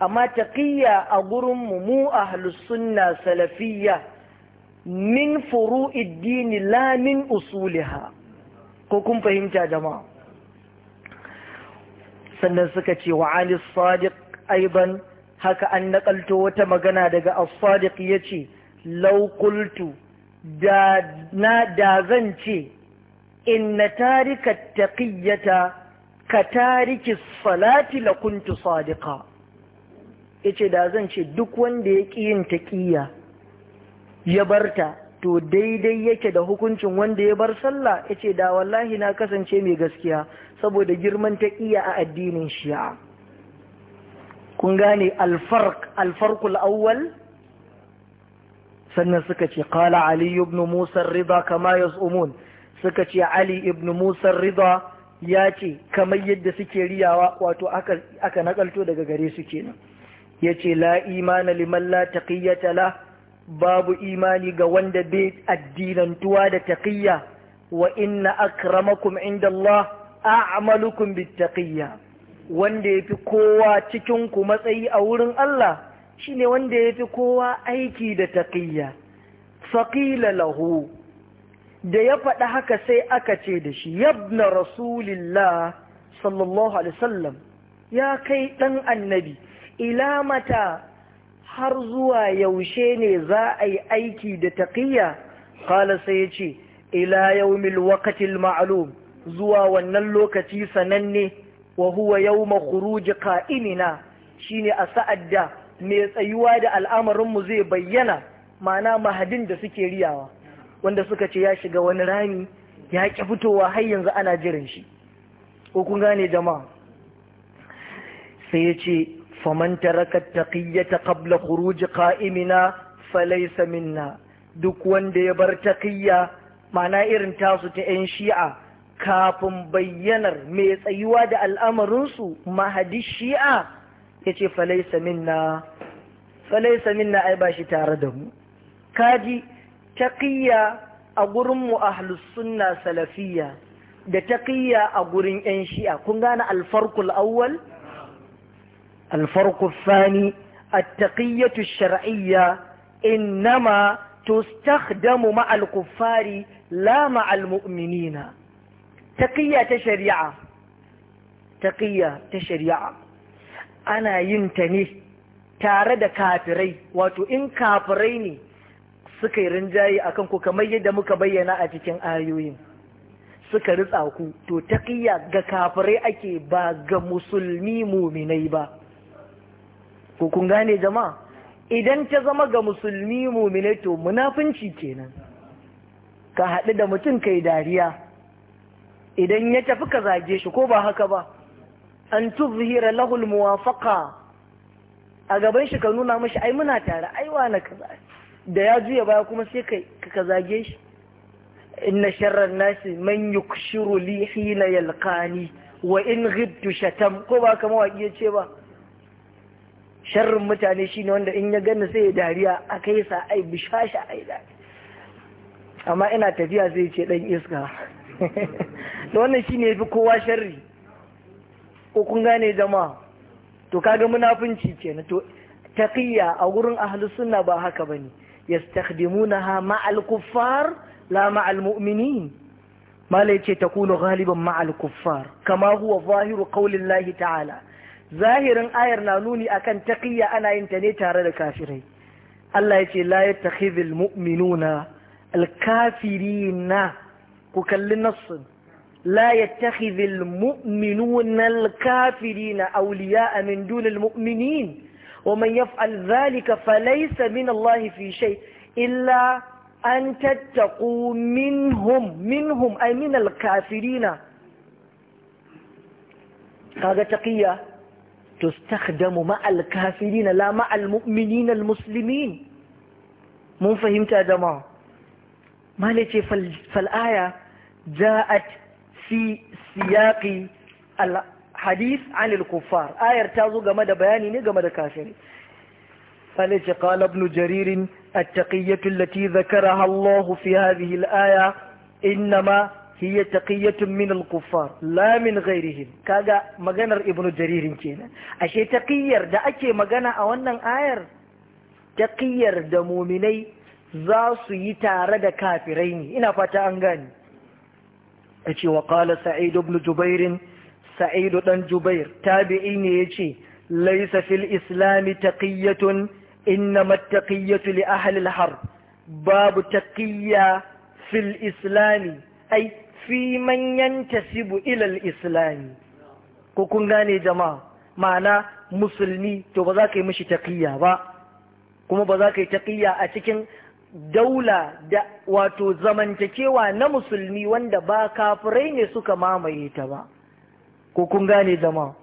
amma taƙiyya a gurin mu mu ahlus sunna salafiyya min furu'id dini la usuliha ko kun fahimta jama'a sannan suka ce wa ali sadiq aiban haka an nakalto wata magana daga as-sadiq yace law qultu da na da zan ce inna tarika taqiyata ka tariki salati la kuntu sadiqa yace da zan ce duk wanda ya ƙi yin taƙiyya ya barta to daidai yake da hukuncin wanda ya bar sallah yace da wallahi na kasance mai gaskiya saboda girman ta iya a addinin shi'a kun gane alfark alfarkul awwal sannan suka ce kala ali ibn musa rida kama Umun. suka ce ali ibn musa rida ya ce kamar yadda suke riyawa wato aka nakalto daga gare su kenan ya ce la imana liman la taqiyyata la babu imani ga wanda bai addinantuwa da taqiyya wa inna akramakum inda Allah a'malukum bittaqiyya wanda yafi kowa cikin ku matsayi a wurin Allah shine wanda yafi kowa aiki da taqiyya faqila lahu da ya faɗi haka sai aka ce da shi yabna rasulillah sallallahu alaihi wasallam ya kai dan annabi ila mata har zuwa yaushe ne za a yi aiki da taqiyya qala sai ya ce ila yawmil waqtil ma'lum zuwa wannan lokaci sananne wa huwa yawma ka'imina, qa'imina shine a sa'adda da mai tsayuwa da al'amarin zai bayyana ma'ana mahadin da suke riyawa wanda suka ce ya shiga wani rami ya ki fitowa har yanzu ana jiran shi ko kun gane jama'a sai ya ce faman taraka taqiyyata qabla khuruji qa'imina falaysa minna duk wanda ya bar taqiyya ma'ana irin tasu ta 'yan shi'a kafin bayyanar mai tsayuwa da al'amarinsu mahadi shi'a ya ce falaisa minna ai ba shi tare da mu kaji taqiyya a gurin mu ahlus sunna salafiyya da taqiyya a gurin yan shi'a kun gane alfarkul awwal alfarkul thani at-taqiyyatu shariyya innama تستخدم مع الكفار la مع المؤمنين taƙiyya ta shari'a taƙiyya ta shari'a ana yin ta ne tare da kafirai wato in kafirai ne suka yi rinjaye akan ku kamar yadda muka bayyana a cikin ayoyin suka ritsa ku to taƙiyya ga kafirai ake ba ga musulmi muminai ba ko kun gane jama'a idan ta zama ga musulmi muminai to munafinci kenan ka haɗu da mutum kai dariya idan ya tafi ka zage shi ko ba haka ba an tuzhira lahul almuwafaqa a gaban shi ka nuna mashi ai muna tare ai na kaza da ya juya baya kuma sai ka ka zage shi inna sharran nasi man yukshiru li hina yalqani wa in ghibtu shatam ko ba ka waki ya ba sharrin mutane shine wanda in ya gani sai ya dariya a kai sa ai bishasha ai da amma ina tafiya zai ce dan iska da wannan shi ne fi kowa sharri ko kun gane jama'a to kaga munafunci kenan to taqiyya a gurin ahlus sunna ba haka bane yastakhdimunaha ma'al kuffar la ma'al mu'minin mala yace takunu ghaliban ma'al kuffar kama huwa zahiru qaulillahi ta'ala zahirin ayar na nuni akan taqiyya ana yin ta ne tare da kafirai Allah yace la yattakhidhul mu'minuna al-kafirina وكل النص لا يتخذ المؤمنون الكافرين أولياء من دون المؤمنين ومن يفعل ذلك فليس من الله في شيء إلا أن تتقوا منهم منهم أي من الكافرين هذا تقية تستخدم مع الكافرين لا مع المؤمنين المسلمين من فهمت هذا ما ما لتي فالآية ja'at fi siyaqi al hadith an al kuffar ayar ta zo game da bayani ne game da kafiri فليس قال ابن جرير التقية التي ذكرها الله في هذه الآية إنما هي تقية من الكفار لا من غيرهم كذا مغنى ابن جرير كينا أشي تقير دا أكي مغنى أولا آير تقير دا مؤمني za su yi tare da kafirai ne ina fata an gani yace wa qala sa'id ibn jubair sa'id dan jubair tabi'i ne yace laysa fil islam taqiyatun innama at-taqiyatu li ahli al-harb babu taqiyya fil islam ai fi man yantasibu ila al-islam ko kun gane jama'a ma'ana musulmi to ba za ka yi mishi taqiyya ba kuma ba za ka yi taƙiyya a cikin daula da wato zamantakewa na musulmi wanda ba kafirai ne suka mamaye ta ba ko kun gane zama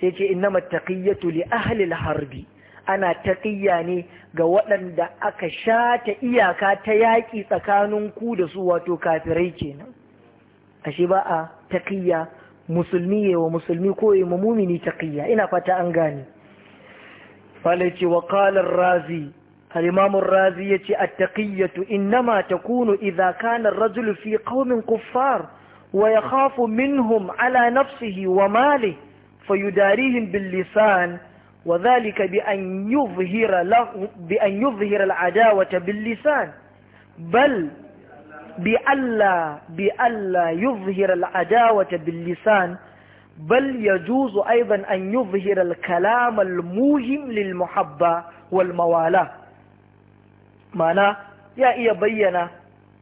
sai ce inna mattaqiyatu li ahli harbi ana taqiyya ne ga waɗanda aka shata iyaka ta yaƙi tsakanin ku da su wato kafirai kenan ashe ba a taqiyya musulmi wa musulmi ko yi mumini taqiyya ina fata an gane falace wa qala razi الإمام الرازية التقية إنما تكون إذا كان الرجل في قوم كفار ويخاف منهم على نفسه وماله فيداريهم باللسان وذلك بأن يظهر, له بأن يظهر العداوة باللسان بل بألا, بألا يظهر العداوة باللسان بل يجوز أيضا أن يظهر الكلام الموهم للمحبة والموالاة mana ya iya bayyana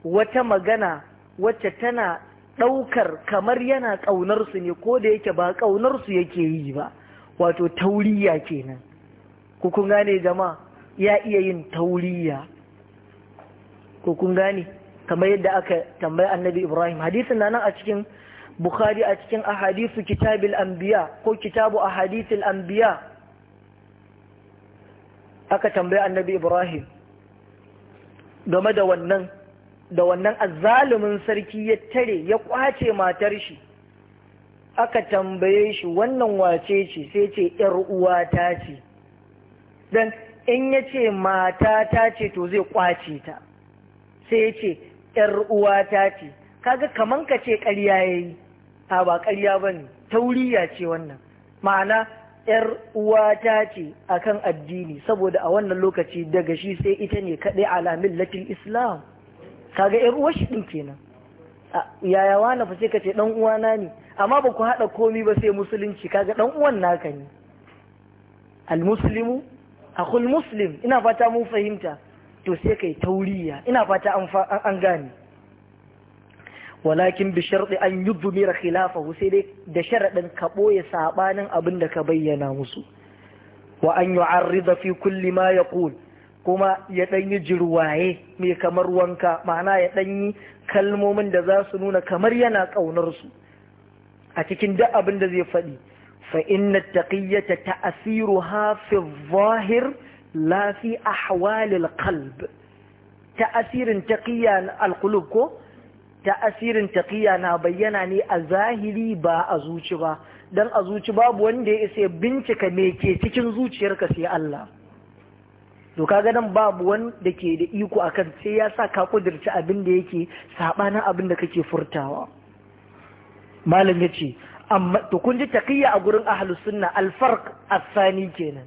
wata magana wacce tana ɗaukar kamar yana ƙaunarsu ne ko da yake ba ƙaunarsu yake yi ba wato tauriya kenan ku kun gane jama ya iya yin tauriya ku kun gane kamar yadda aka tambayi annabi ibrahim hadisin nan a cikin bukhari a cikin ahadisu kitabil anbiya ko kitabu ahadisul anbiya aka tambayi annabi ibrahim game da wannan da wannan azzalumin sarki ya tare ya kwace matar shi aka tambaye shi wannan wace ce sai ce ‘yar uwata ce don in ya ce mata ta ce to zai kwace ta sai ya ce ‘yar uwata ce kaga kaman ka ce ƙarya ya yi a ba ƙarya bane tauriya ce wannan ma'ana 'yar uwata ce akan addini saboda a wannan lokaci daga shi sai ita ne kaɗai alamin latin islam kaga 'yar uwa shi ɗin kenan yaya wani fa sai ka ce ɗan uwana ne amma ba ku haɗa komi ba sai musulunci kaga ɗan uwan naka ne Al-Musulmi, almuslimu akul muslim ina fata mun fahimta to sai kai tauriya ina fata an gane walakin bi sharɗi an yudumira khilafahu sai dai da sharaɗin ka ɓoye saɓanin abin da ka bayyana musu wa an yu'arrida fi kulli ma yaqul kuma ya ɗan yi jirwaye mai kamar wanka ma'ana ya ɗan yi kalmomin da za su nuna kamar yana ƙaunar su a cikin duk abin da zai faɗi fa inna taqiyyata ta'asiruha fi zahir la fi ahwalil qalb ta'asirin taqiya al-qulub ko asirin taƙiya na bayyana ne a zahiri ba a zuci ba don a zuci babu wanda ya isa bincika me ke cikin zuciyarka sai Allah to kaga nan babu wanda ke da iko akan sai ya sa ka kudirci abin da yake sabanin abin da kake furtawa malam yace amma to kun ji taƙiyya a gurin ahlus sunna alfarq asani kenan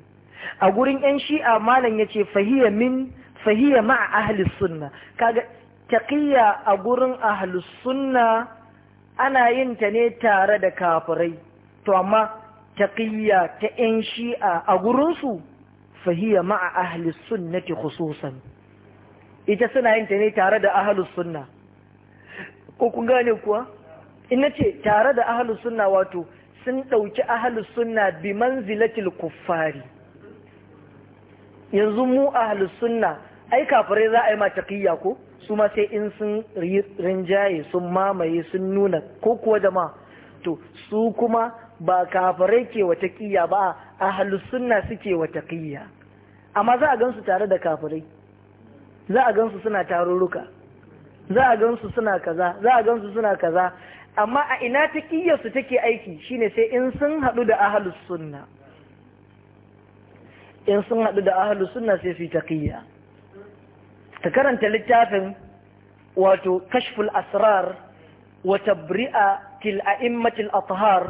a gurin yan shi'a malam yace fahiya min fahiya ma'a ahlus sunna kaga taƙiyya a gurin ahlus ana yin ta ne tare da kafirai to amma taƙiyya ta 'yan shi'a a gurinsu fahiyya ma'a ahlus sunnati khususan ita suna yin ta ne tare da ahlus sunna ko kun gane kuwa ina ce tare da ahlus sunna wato sun ɗauki ahlus sunna bi manzilatil kuffari yanzu mu ahlus sunna ai kafirai za a yi ma taƙiyya ko su ma sai in sun rinjaye sun mamaye sun nuna ko kuwa jama'a to su kuma ba kafirai ke wata kiyya ba a sunna suke wata kiyya amma za a gansu tare da kafirai za a gansu suna tarurruka za a gansu suna kaza za a gansu suna kaza amma a ina taqiyya su take aiki shine sai in sun haɗu da ahlus sunna in sun haɗu da ahlus sunna sai su yi taqiyya ka karanta littafin wato kashful asrar wa tabri'a til a'immatil athhar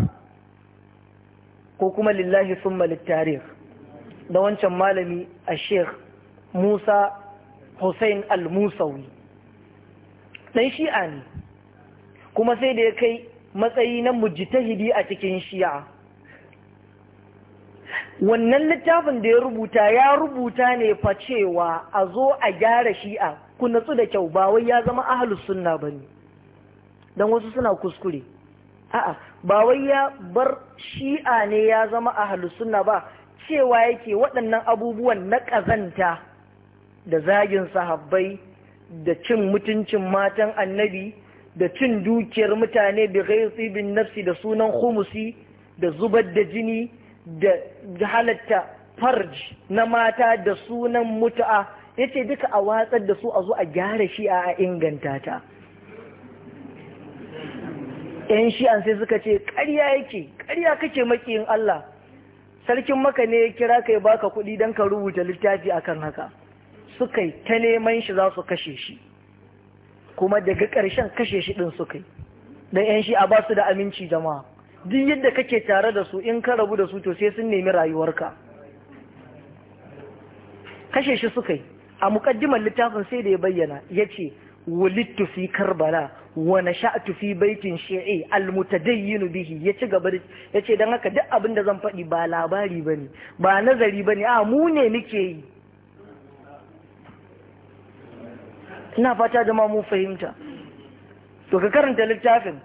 ko kuma lillahi summa littarikh da wancan malami a sheikh Musa Hussein al-Musawi dan shi'a ne kuma sai da ya kai matsayi na mujtahidi a cikin shi'a wannan littafin da ya rubuta ya rubuta ne fa cewa a zo a gyara shi'a ku natsu da kyau ba wai ya zama suna sunna ne, don wasu suna kuskure a'a ba wai ya bar shi'a ne ya zama ahalus sunna ba cewa yake waɗannan abubuwan na ƙazanta da zagin sahabbai da cin mutuncin matan annabi da cin dukiyar mutane bi gaisi bin nafsi da sunan khumusi da zubar da jini da halatta farj na mata da sunan mutu'a yace duka a watsar da su a zo a gyara shi'a a inganta ta yan shi'an sai suka ce ƙarya yake ƙarya kake makiyin Allah sarkin maka ne ya kira ka baka kuɗi don ka rubuta littafi akan haka suka yi ta neman shi za su kashe shi kuma daga ƙarshen kashe shi ɗin suka yi don yan shi'a ba su da aminci jama'a duk yadda kake tare da su in ka rabu da su to sai sun nemi rayuwarka kashe shi suka yi a mukaddimar littafin sai da ya bayyana ya ce walittu fi karbala wa sha'atu fi baitin shi'i almutadayyinu bihi ya ci gaba ya ce don haka duk abin da zan faɗi ba labari ba ne, ba nazari ba ne. a mu ne muke yi ina fata jama mu fahimta to ka karanta littafin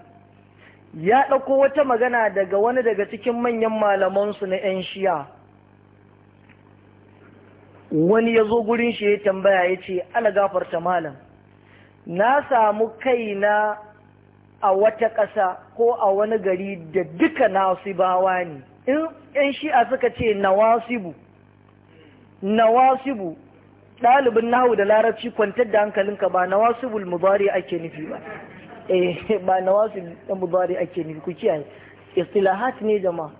ya ɗauko wata magana daga wani daga cikin manyan malamansu na 'yan shiya wani ya zo gurin shi ya tambaya ya ce ala malam na samu kaina a wata ƙasa ko a wani gari da duka nasibawa ne in 'yan shi'a suka ce nawasibu nawasibu ɗalibin nahu da larabci kwantar da hankalinka ba nawasibul mubari ake nufi ba eh ba nawasib na mudari ake nufi ku kiyaye istilahat ne jama'a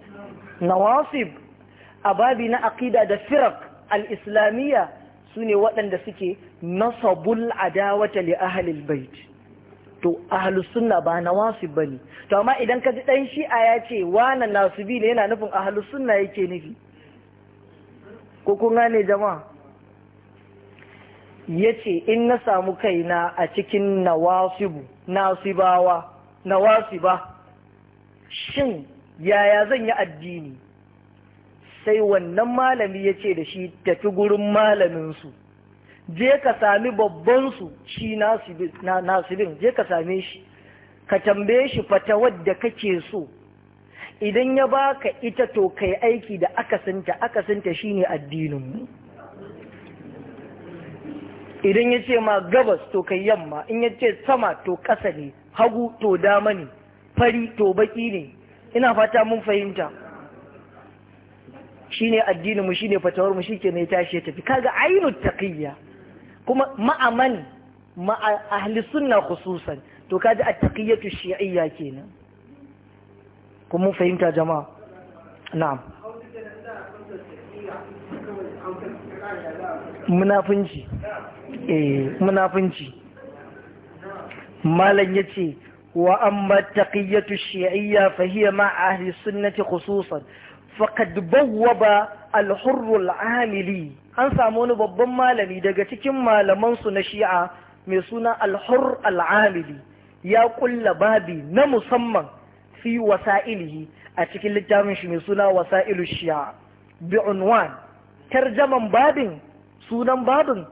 nawasib a babina na aqida da firq al-islamiyya sune waɗanda suke nasabul adawata li ahli al-bait to ahli sunna ba nawasib bane to amma idan ka ji dan shi'a ya ce wannan nasibi ne yana nufin ahli sunna yake nufi ko kun gane jama'a ya ce in na samu kaina a cikin nawasibu nasibawa nawasiba shin yaya zan yi addini sai wannan malami ya ce da shi tafi gurin malaminsu je ka sami babbansu shi nasibin je ka same shi ka tambaye shi fatawar da kake so idan ya baka ita to kai aiki da akasinta akasinta shine addininmu idan ya ce ma gabas to kai yamma in ya ce sama to ƙasa ne hagu to dama ne fari to baƙi ne ina fata mun fahimta shine addininmu, mu shine fatawar mu shike ne tashi ya tafi kaga ainut taƙiyya kuma ma'aman ahli sunna khususan to kaji at shi shi'iyya kenan kuma mun fahimta jama'a na'am munafunci eh munafinci malam ya ce wa an taqiyatu shi'iyya fa hiya ma ahli sunnati khususan faƙad bawwaba al amili an samu wani babban malami daga cikin malamansu na shi'a mai suna alhur al'amili ya kulla babi na musamman fi wasa'ilihi a cikin littafin shi mai suna wasa'ilu shi'a bi'unwan tarjaman babin sunan babin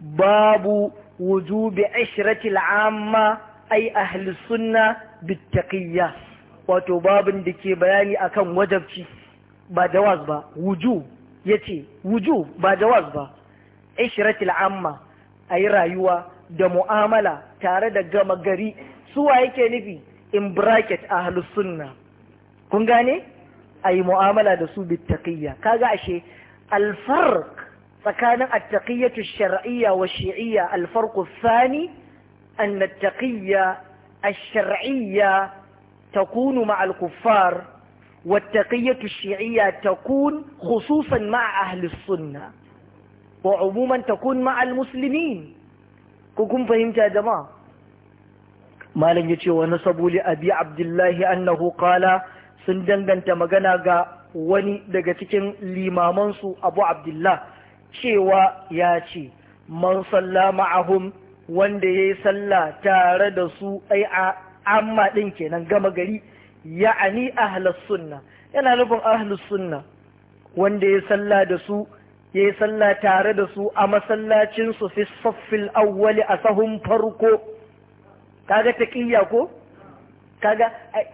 babu wujubi ashiratil amma ai ahli sunna bittaqiyya wato babin da ke bayani akan wajabci ba jawaz ba wuju yace wuju ba jawaz ba ashiratil amma ayi rayuwa da mu'amala tare da gama gari suwa yake nufi in bracket ahli sunna kun gane ai mu'amala da su bittaqiyya kaga ashe alfar. فكان التقية الشرعية والشيعية الفرق الثاني أن التقية الشرعية تكون مع الكفار والتقية الشيعية تكون خصوصا مع أهل السنة وعموما تكون مع المسلمين كوكم فهمت يا جماعة ما لن يتشي ونسبوا لأبي عبد الله أنه قال سندن بنت مغنى وني دقتك منصو أبو عبد الله cewa ya ce man salla ma'ahum wanda ya yi salla tare da su ai a amma ɗin kenan gama gari ya'ani ahlus sunna yana nufin ahlus sunna wanda ya salla da su ya yi salla tare da su a masallacinsu fi saffil awwali a sahun farko kaga taqiyya ko kaga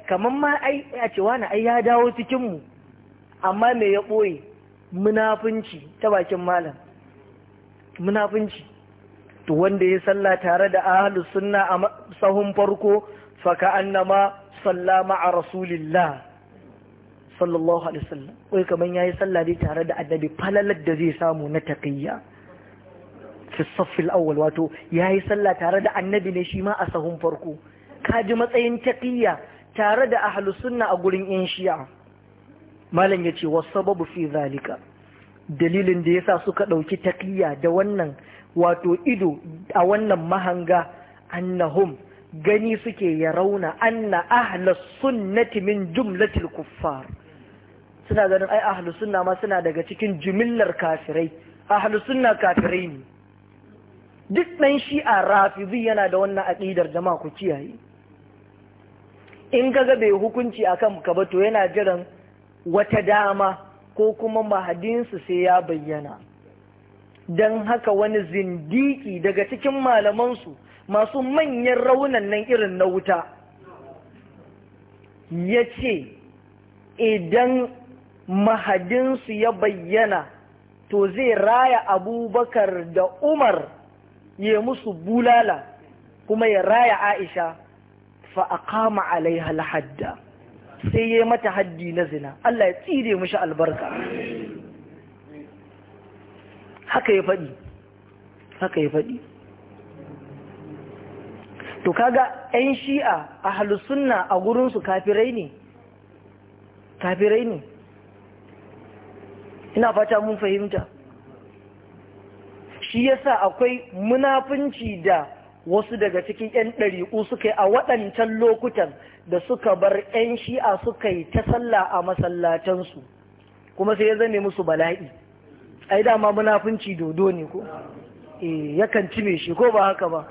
kamar ma ai a cewa na ai ya dawo cikinmu amma me ya ɓoye munafunci ta bakin malam munafunci to wanda ya salla tare da ahlus sunna a sahun farko faka annama salla ma'a rasulillah sallallahu alaihi wasallam wai kaman yayi salla dai tare da annabi falalar da zai samu na taqiyya fi saffil awwal wato yayi salla tare da annabi ne shi ma a sahun farko kaji matsayin taqiyya tare da ahlus sunna a gurin in shi'a malam ya ce wasu sababu fi zalika dalilin da ya sa suka ɗauki takliya da wannan wato ido a wannan mahanga annahum gani suke ya rauna anna ahlas sunnati min jumlatil kuffar suna ganin ai ahlus sunna ma suna daga cikin jimillar kafirai ahlus sunna kafirai ne duk ɗan shi'a rafizi yana da wannan aƙidar jama'a ku kiyaye in kaga bai hukunci akan ka ba to yana jiran wata dama ko kuma mahadinsu sai ya bayyana don haka wani zindiki daga cikin malamansu masu manyan raunan nan irin na wuta ya ce idan mahadinsu ya bayyana to zai raya abubakar da umar ya musu bulala kuma ya raya aisha fa a kama alai halhadda sai ya mata haddi na zina Allah ya tsire mishi albarka haka ya faɗi haka ya faɗi to kaga 'yan shi'a a sunna a gurinsu kafirai ne kafirai ne ina fata mun fahimta shi yasa akwai munafunci da wasu daga cikin 'yan ɗari'u suka yi a waɗancan lokutan da suka bar 'yan shi'a suka yi ta sallah a masallatansu kuma sai ya zame musu bala'i ai dama munafunci dodo ne ko eh yakan cime shi ko ba haka ba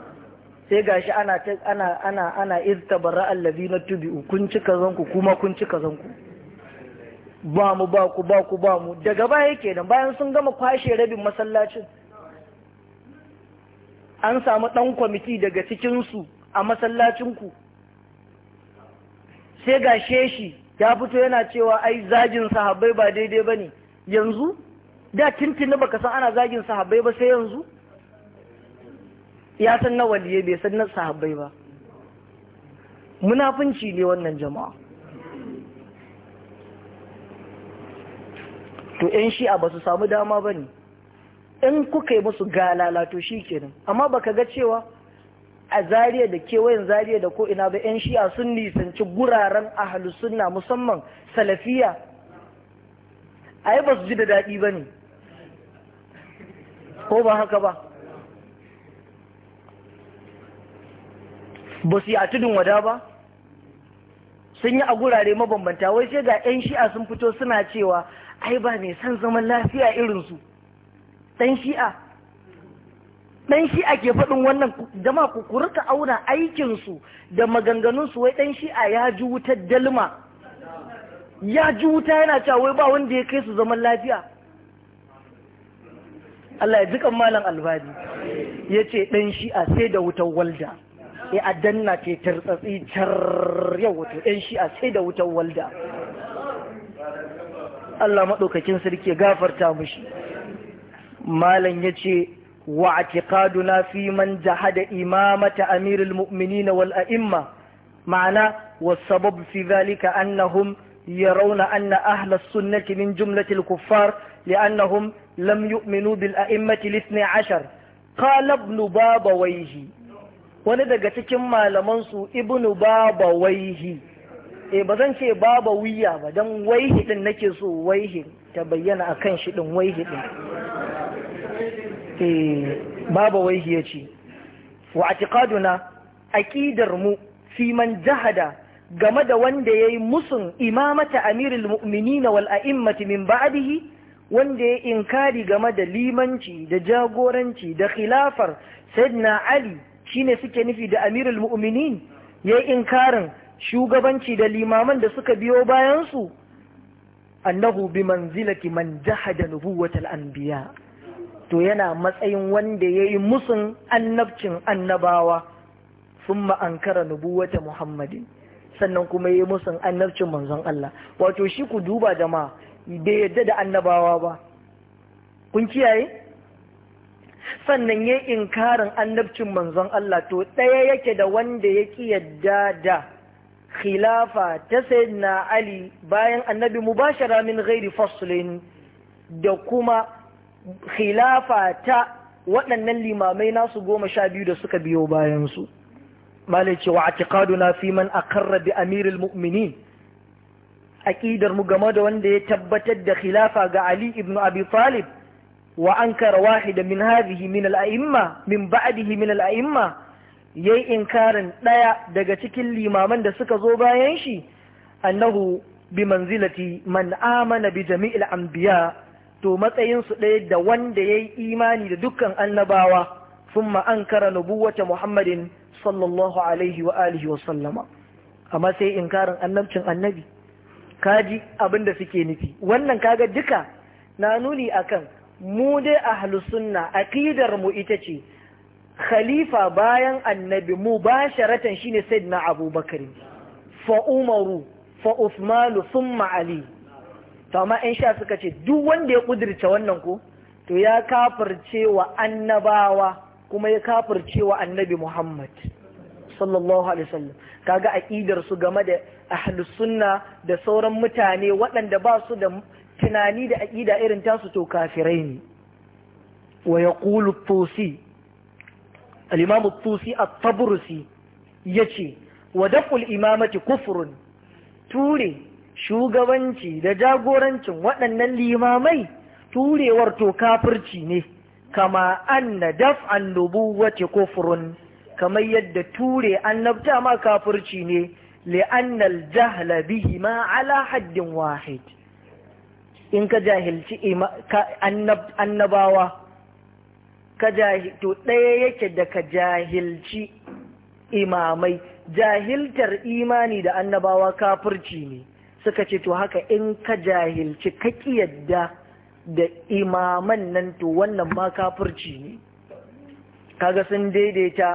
sai gashi ana ana ana ana iztabara allazina tubi'u kun cika kuma kun cika ba mu ba ku ba ku ba mu daga baya kenan bayan sun gama kwashe rabin masallacin an samu ɗan kwamiti daga cikinsu a masallacinku sai ga sheshi ya fito yana cewa ai zagin sahabbai ba daidai ba ne yanzu da tintini baka san ana zagin sahabbai ba sai yanzu ya san na waliye bai san na sahabbai ba munafunci ne wannan jama'a to 'yan shi'a ba su samu dama ba ne in kuka yi musu galalato shi kenan amma baka ga cewa a zariya da kewayen zariya da ko'ina ba 'yan shi'a sun nisanci guraren ahalu musamman salafiya a yi ba su ji da daɗi ba ne ko ba haka ba ba su yi a tudun wada ba sun yi a gurare mabambanta wai sai ga 'yan shi'a sun fito suna cewa ai ba mai son zaman lafiya irinsu ɗan shi'a ɗan shi'a ke faɗin wannan jama'a ku kurka rika auna aikinsu da maganganunsu wai ɗan shi'a ya ji wutar dalma ya ji wuta yana cewa wai ba wanda ya kai su zaman lafiya Allah ya jikan malam albadi ya ce ɗan shi'a sai da wutar walda ya adanna ce tartsatsi car yau wato ɗan shi'a sai da wutar walda Allah maɗaukakin sarki ya gafarta mushi malam ya ce wa na fi man jahada imamata amirul mu'mini na wal’a’imma ma’ana wasu babu fi zalika annahum ya rauna anna ahla sunnati min jumlatil kuffar li annahum lam yu'minu bil a'immati lithni ashar qala ibn baba wayhi wani daga cikin malaman su ibn baba wayhi eh bazan ce baba wuya ba dan wayhi din nake so wayhi ta bayyana akan shi din wayhi din Eh, babu waihi ya ce wa a ƙidar mu fi man jahada game da wanda ya yi musun imamata amirul mu'minina wal a'immati min ba’adihi wanda ya inkari game da limanci da jagoranci da khilafar na ali shine suke nufi da amirul Ya yi inkarin shugabanci da limaman da suka biyo bayansu? annahu bi manzilati man jahada nubuwatal anbiya' to yana matsayin wanda ya yi musun annabcin annabawa sun ma'ankara nubuwata muhammadin sannan kuma ya yi musun annabcin manzon Allah wato shi ku duba jama'a bai yadda da annabawa ba kun kiyaye sannan ya inkarin annabcin manzon Allah to ɗaya yake da wanda ya ki yadda da khilafa ta na Ali bayan annabi mubashara min ghairi faslin da kuma khilafa ta waɗannan limamai nasu goma sha biyu da suka biyo bayansu malai cewa a na fi man akarra bi amiril mu'minin aƙidar mu game da wanda ya tabbatar da khilafa ga ali ibn abi talib wa an kara wahida min hazihi min al'a'imma min ba'adihi min al'a'imma yayi inkarin ɗaya daga cikin limaman da suka zo bayan shi annahu bi manzilati man amana bi jami'il anbiya to matsayinsu ɗaya da wanda ya yi imani da dukkan annabawa sun ma'ankara nubuwata muhammadin sallallahu alaihi wa alihi wa sallama amma sai inkarin annabcin annabi kaji abin da suke nufi wannan kaga duka na nuni akan mu dai ahlus sunna aqidar mu ita ce khalifa bayan annabi mu ba shine sayyidina abubakar fa umaru fa uthmanu thumma ali to amma in sha suka ce duk wanda ya kudirce wannan ko to ya kafirce wa annabawa kuma ya kafirce wa annabi Muhammad sallallahu alaihi wasallam kaga aqidar su game da ahlus sunna da sauran mutane waɗanda ba su da tunani da aqida irin tasu to kafirai ne wa yaqulu tusi al-imam tusi at tabrusi yace wa daful imamati kufrun ture shugabanci da jagorancin waɗannan limamai turewar to kafirci ne kama anna daf'an wace kofurun kamar yadda ture annabta ma kafirci ne li'annal jahla bihi ma ala haddin wahid in ka jahilci annabawa ka to ɗaya yake da ka jahilci imamai jahiltar imani da annabawa kafirci ne suka ce to haka in ka jahilci ka ƙi yadda da imaman nan to wannan ma kafirci ne kaga sun daidaita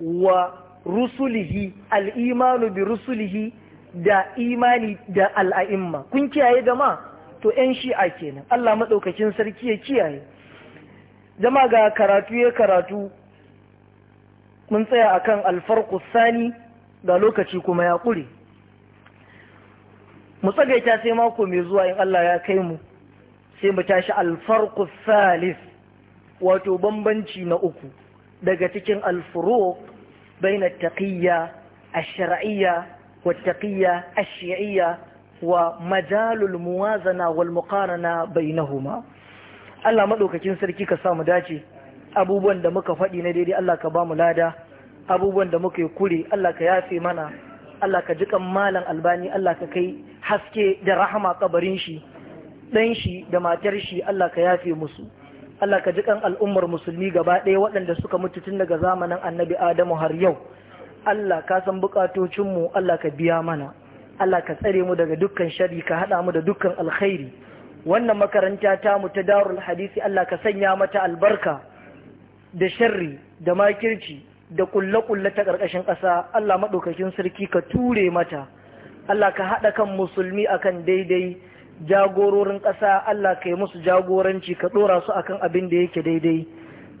wa rusulihi al'imanu bi rusulihi da imani da al'a'imma kun kiyaye gama to ‘yan shi'a kenan Allah maɗaukakin sarki ya kiyaye jama ga karatu ya karatu mun tsaya akan alfarku sani ga lokaci kuma ya ƙure mu tsagaita sai mako mai zuwa in Allah ya kai mu sai mu tashi alfarku salis wato bambanci na uku daga cikin alfuro na taqiyya ash-shar'iyya wa taqiyya ash-shi'iyya wa majalul muwazana wal muqarana bainahuma Allah madaukakin sarki ka sa mu dace abubuwan da muka faɗi na daidai Allah ka ba mu lada abubuwan da muka yi kure Allah ka yafe mana Allah ka jikan malam albani Allah ka kai haske da rahama kabarin shi ɗan shi da matar shi Allah ka yafe musu Allah ka jikan al'ummar musulmi gaba ɗaya waɗanda suka mutu tun daga zamanin annabi Adamu har yau Allah ka san buƙatocinmu. Allah ka biya mana Allah ka tsare mu daga dukkan shari ka haɗa mu da dukkan alkhairi wannan makaranta ta mu ta darul hadisi Allah ka sanya mata albarka da sharri da makirci da kulle-kulle ta ƙarƙashin ƙasa Allah maɗaukakin sarki ka ture mata Allah ka haɗa kan musulmi akan daidai jagororin ƙasa Allah ka yi musu jagoranci ka ɗora su akan abin da yake daidai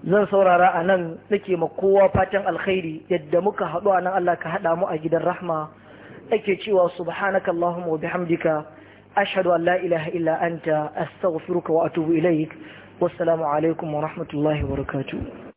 zan saurara a nan nake ma kowa fatan alkhairi yadda muka haɗu a nan Allah ka haɗa mu a gidan rahma ake cewa subhanaka Allahumma wa bihamdika ashhadu an la ilaha illa anta astaghfiruka wa atubu ilaik wassalamu alaikum wa rahmatullahi wa barakatuh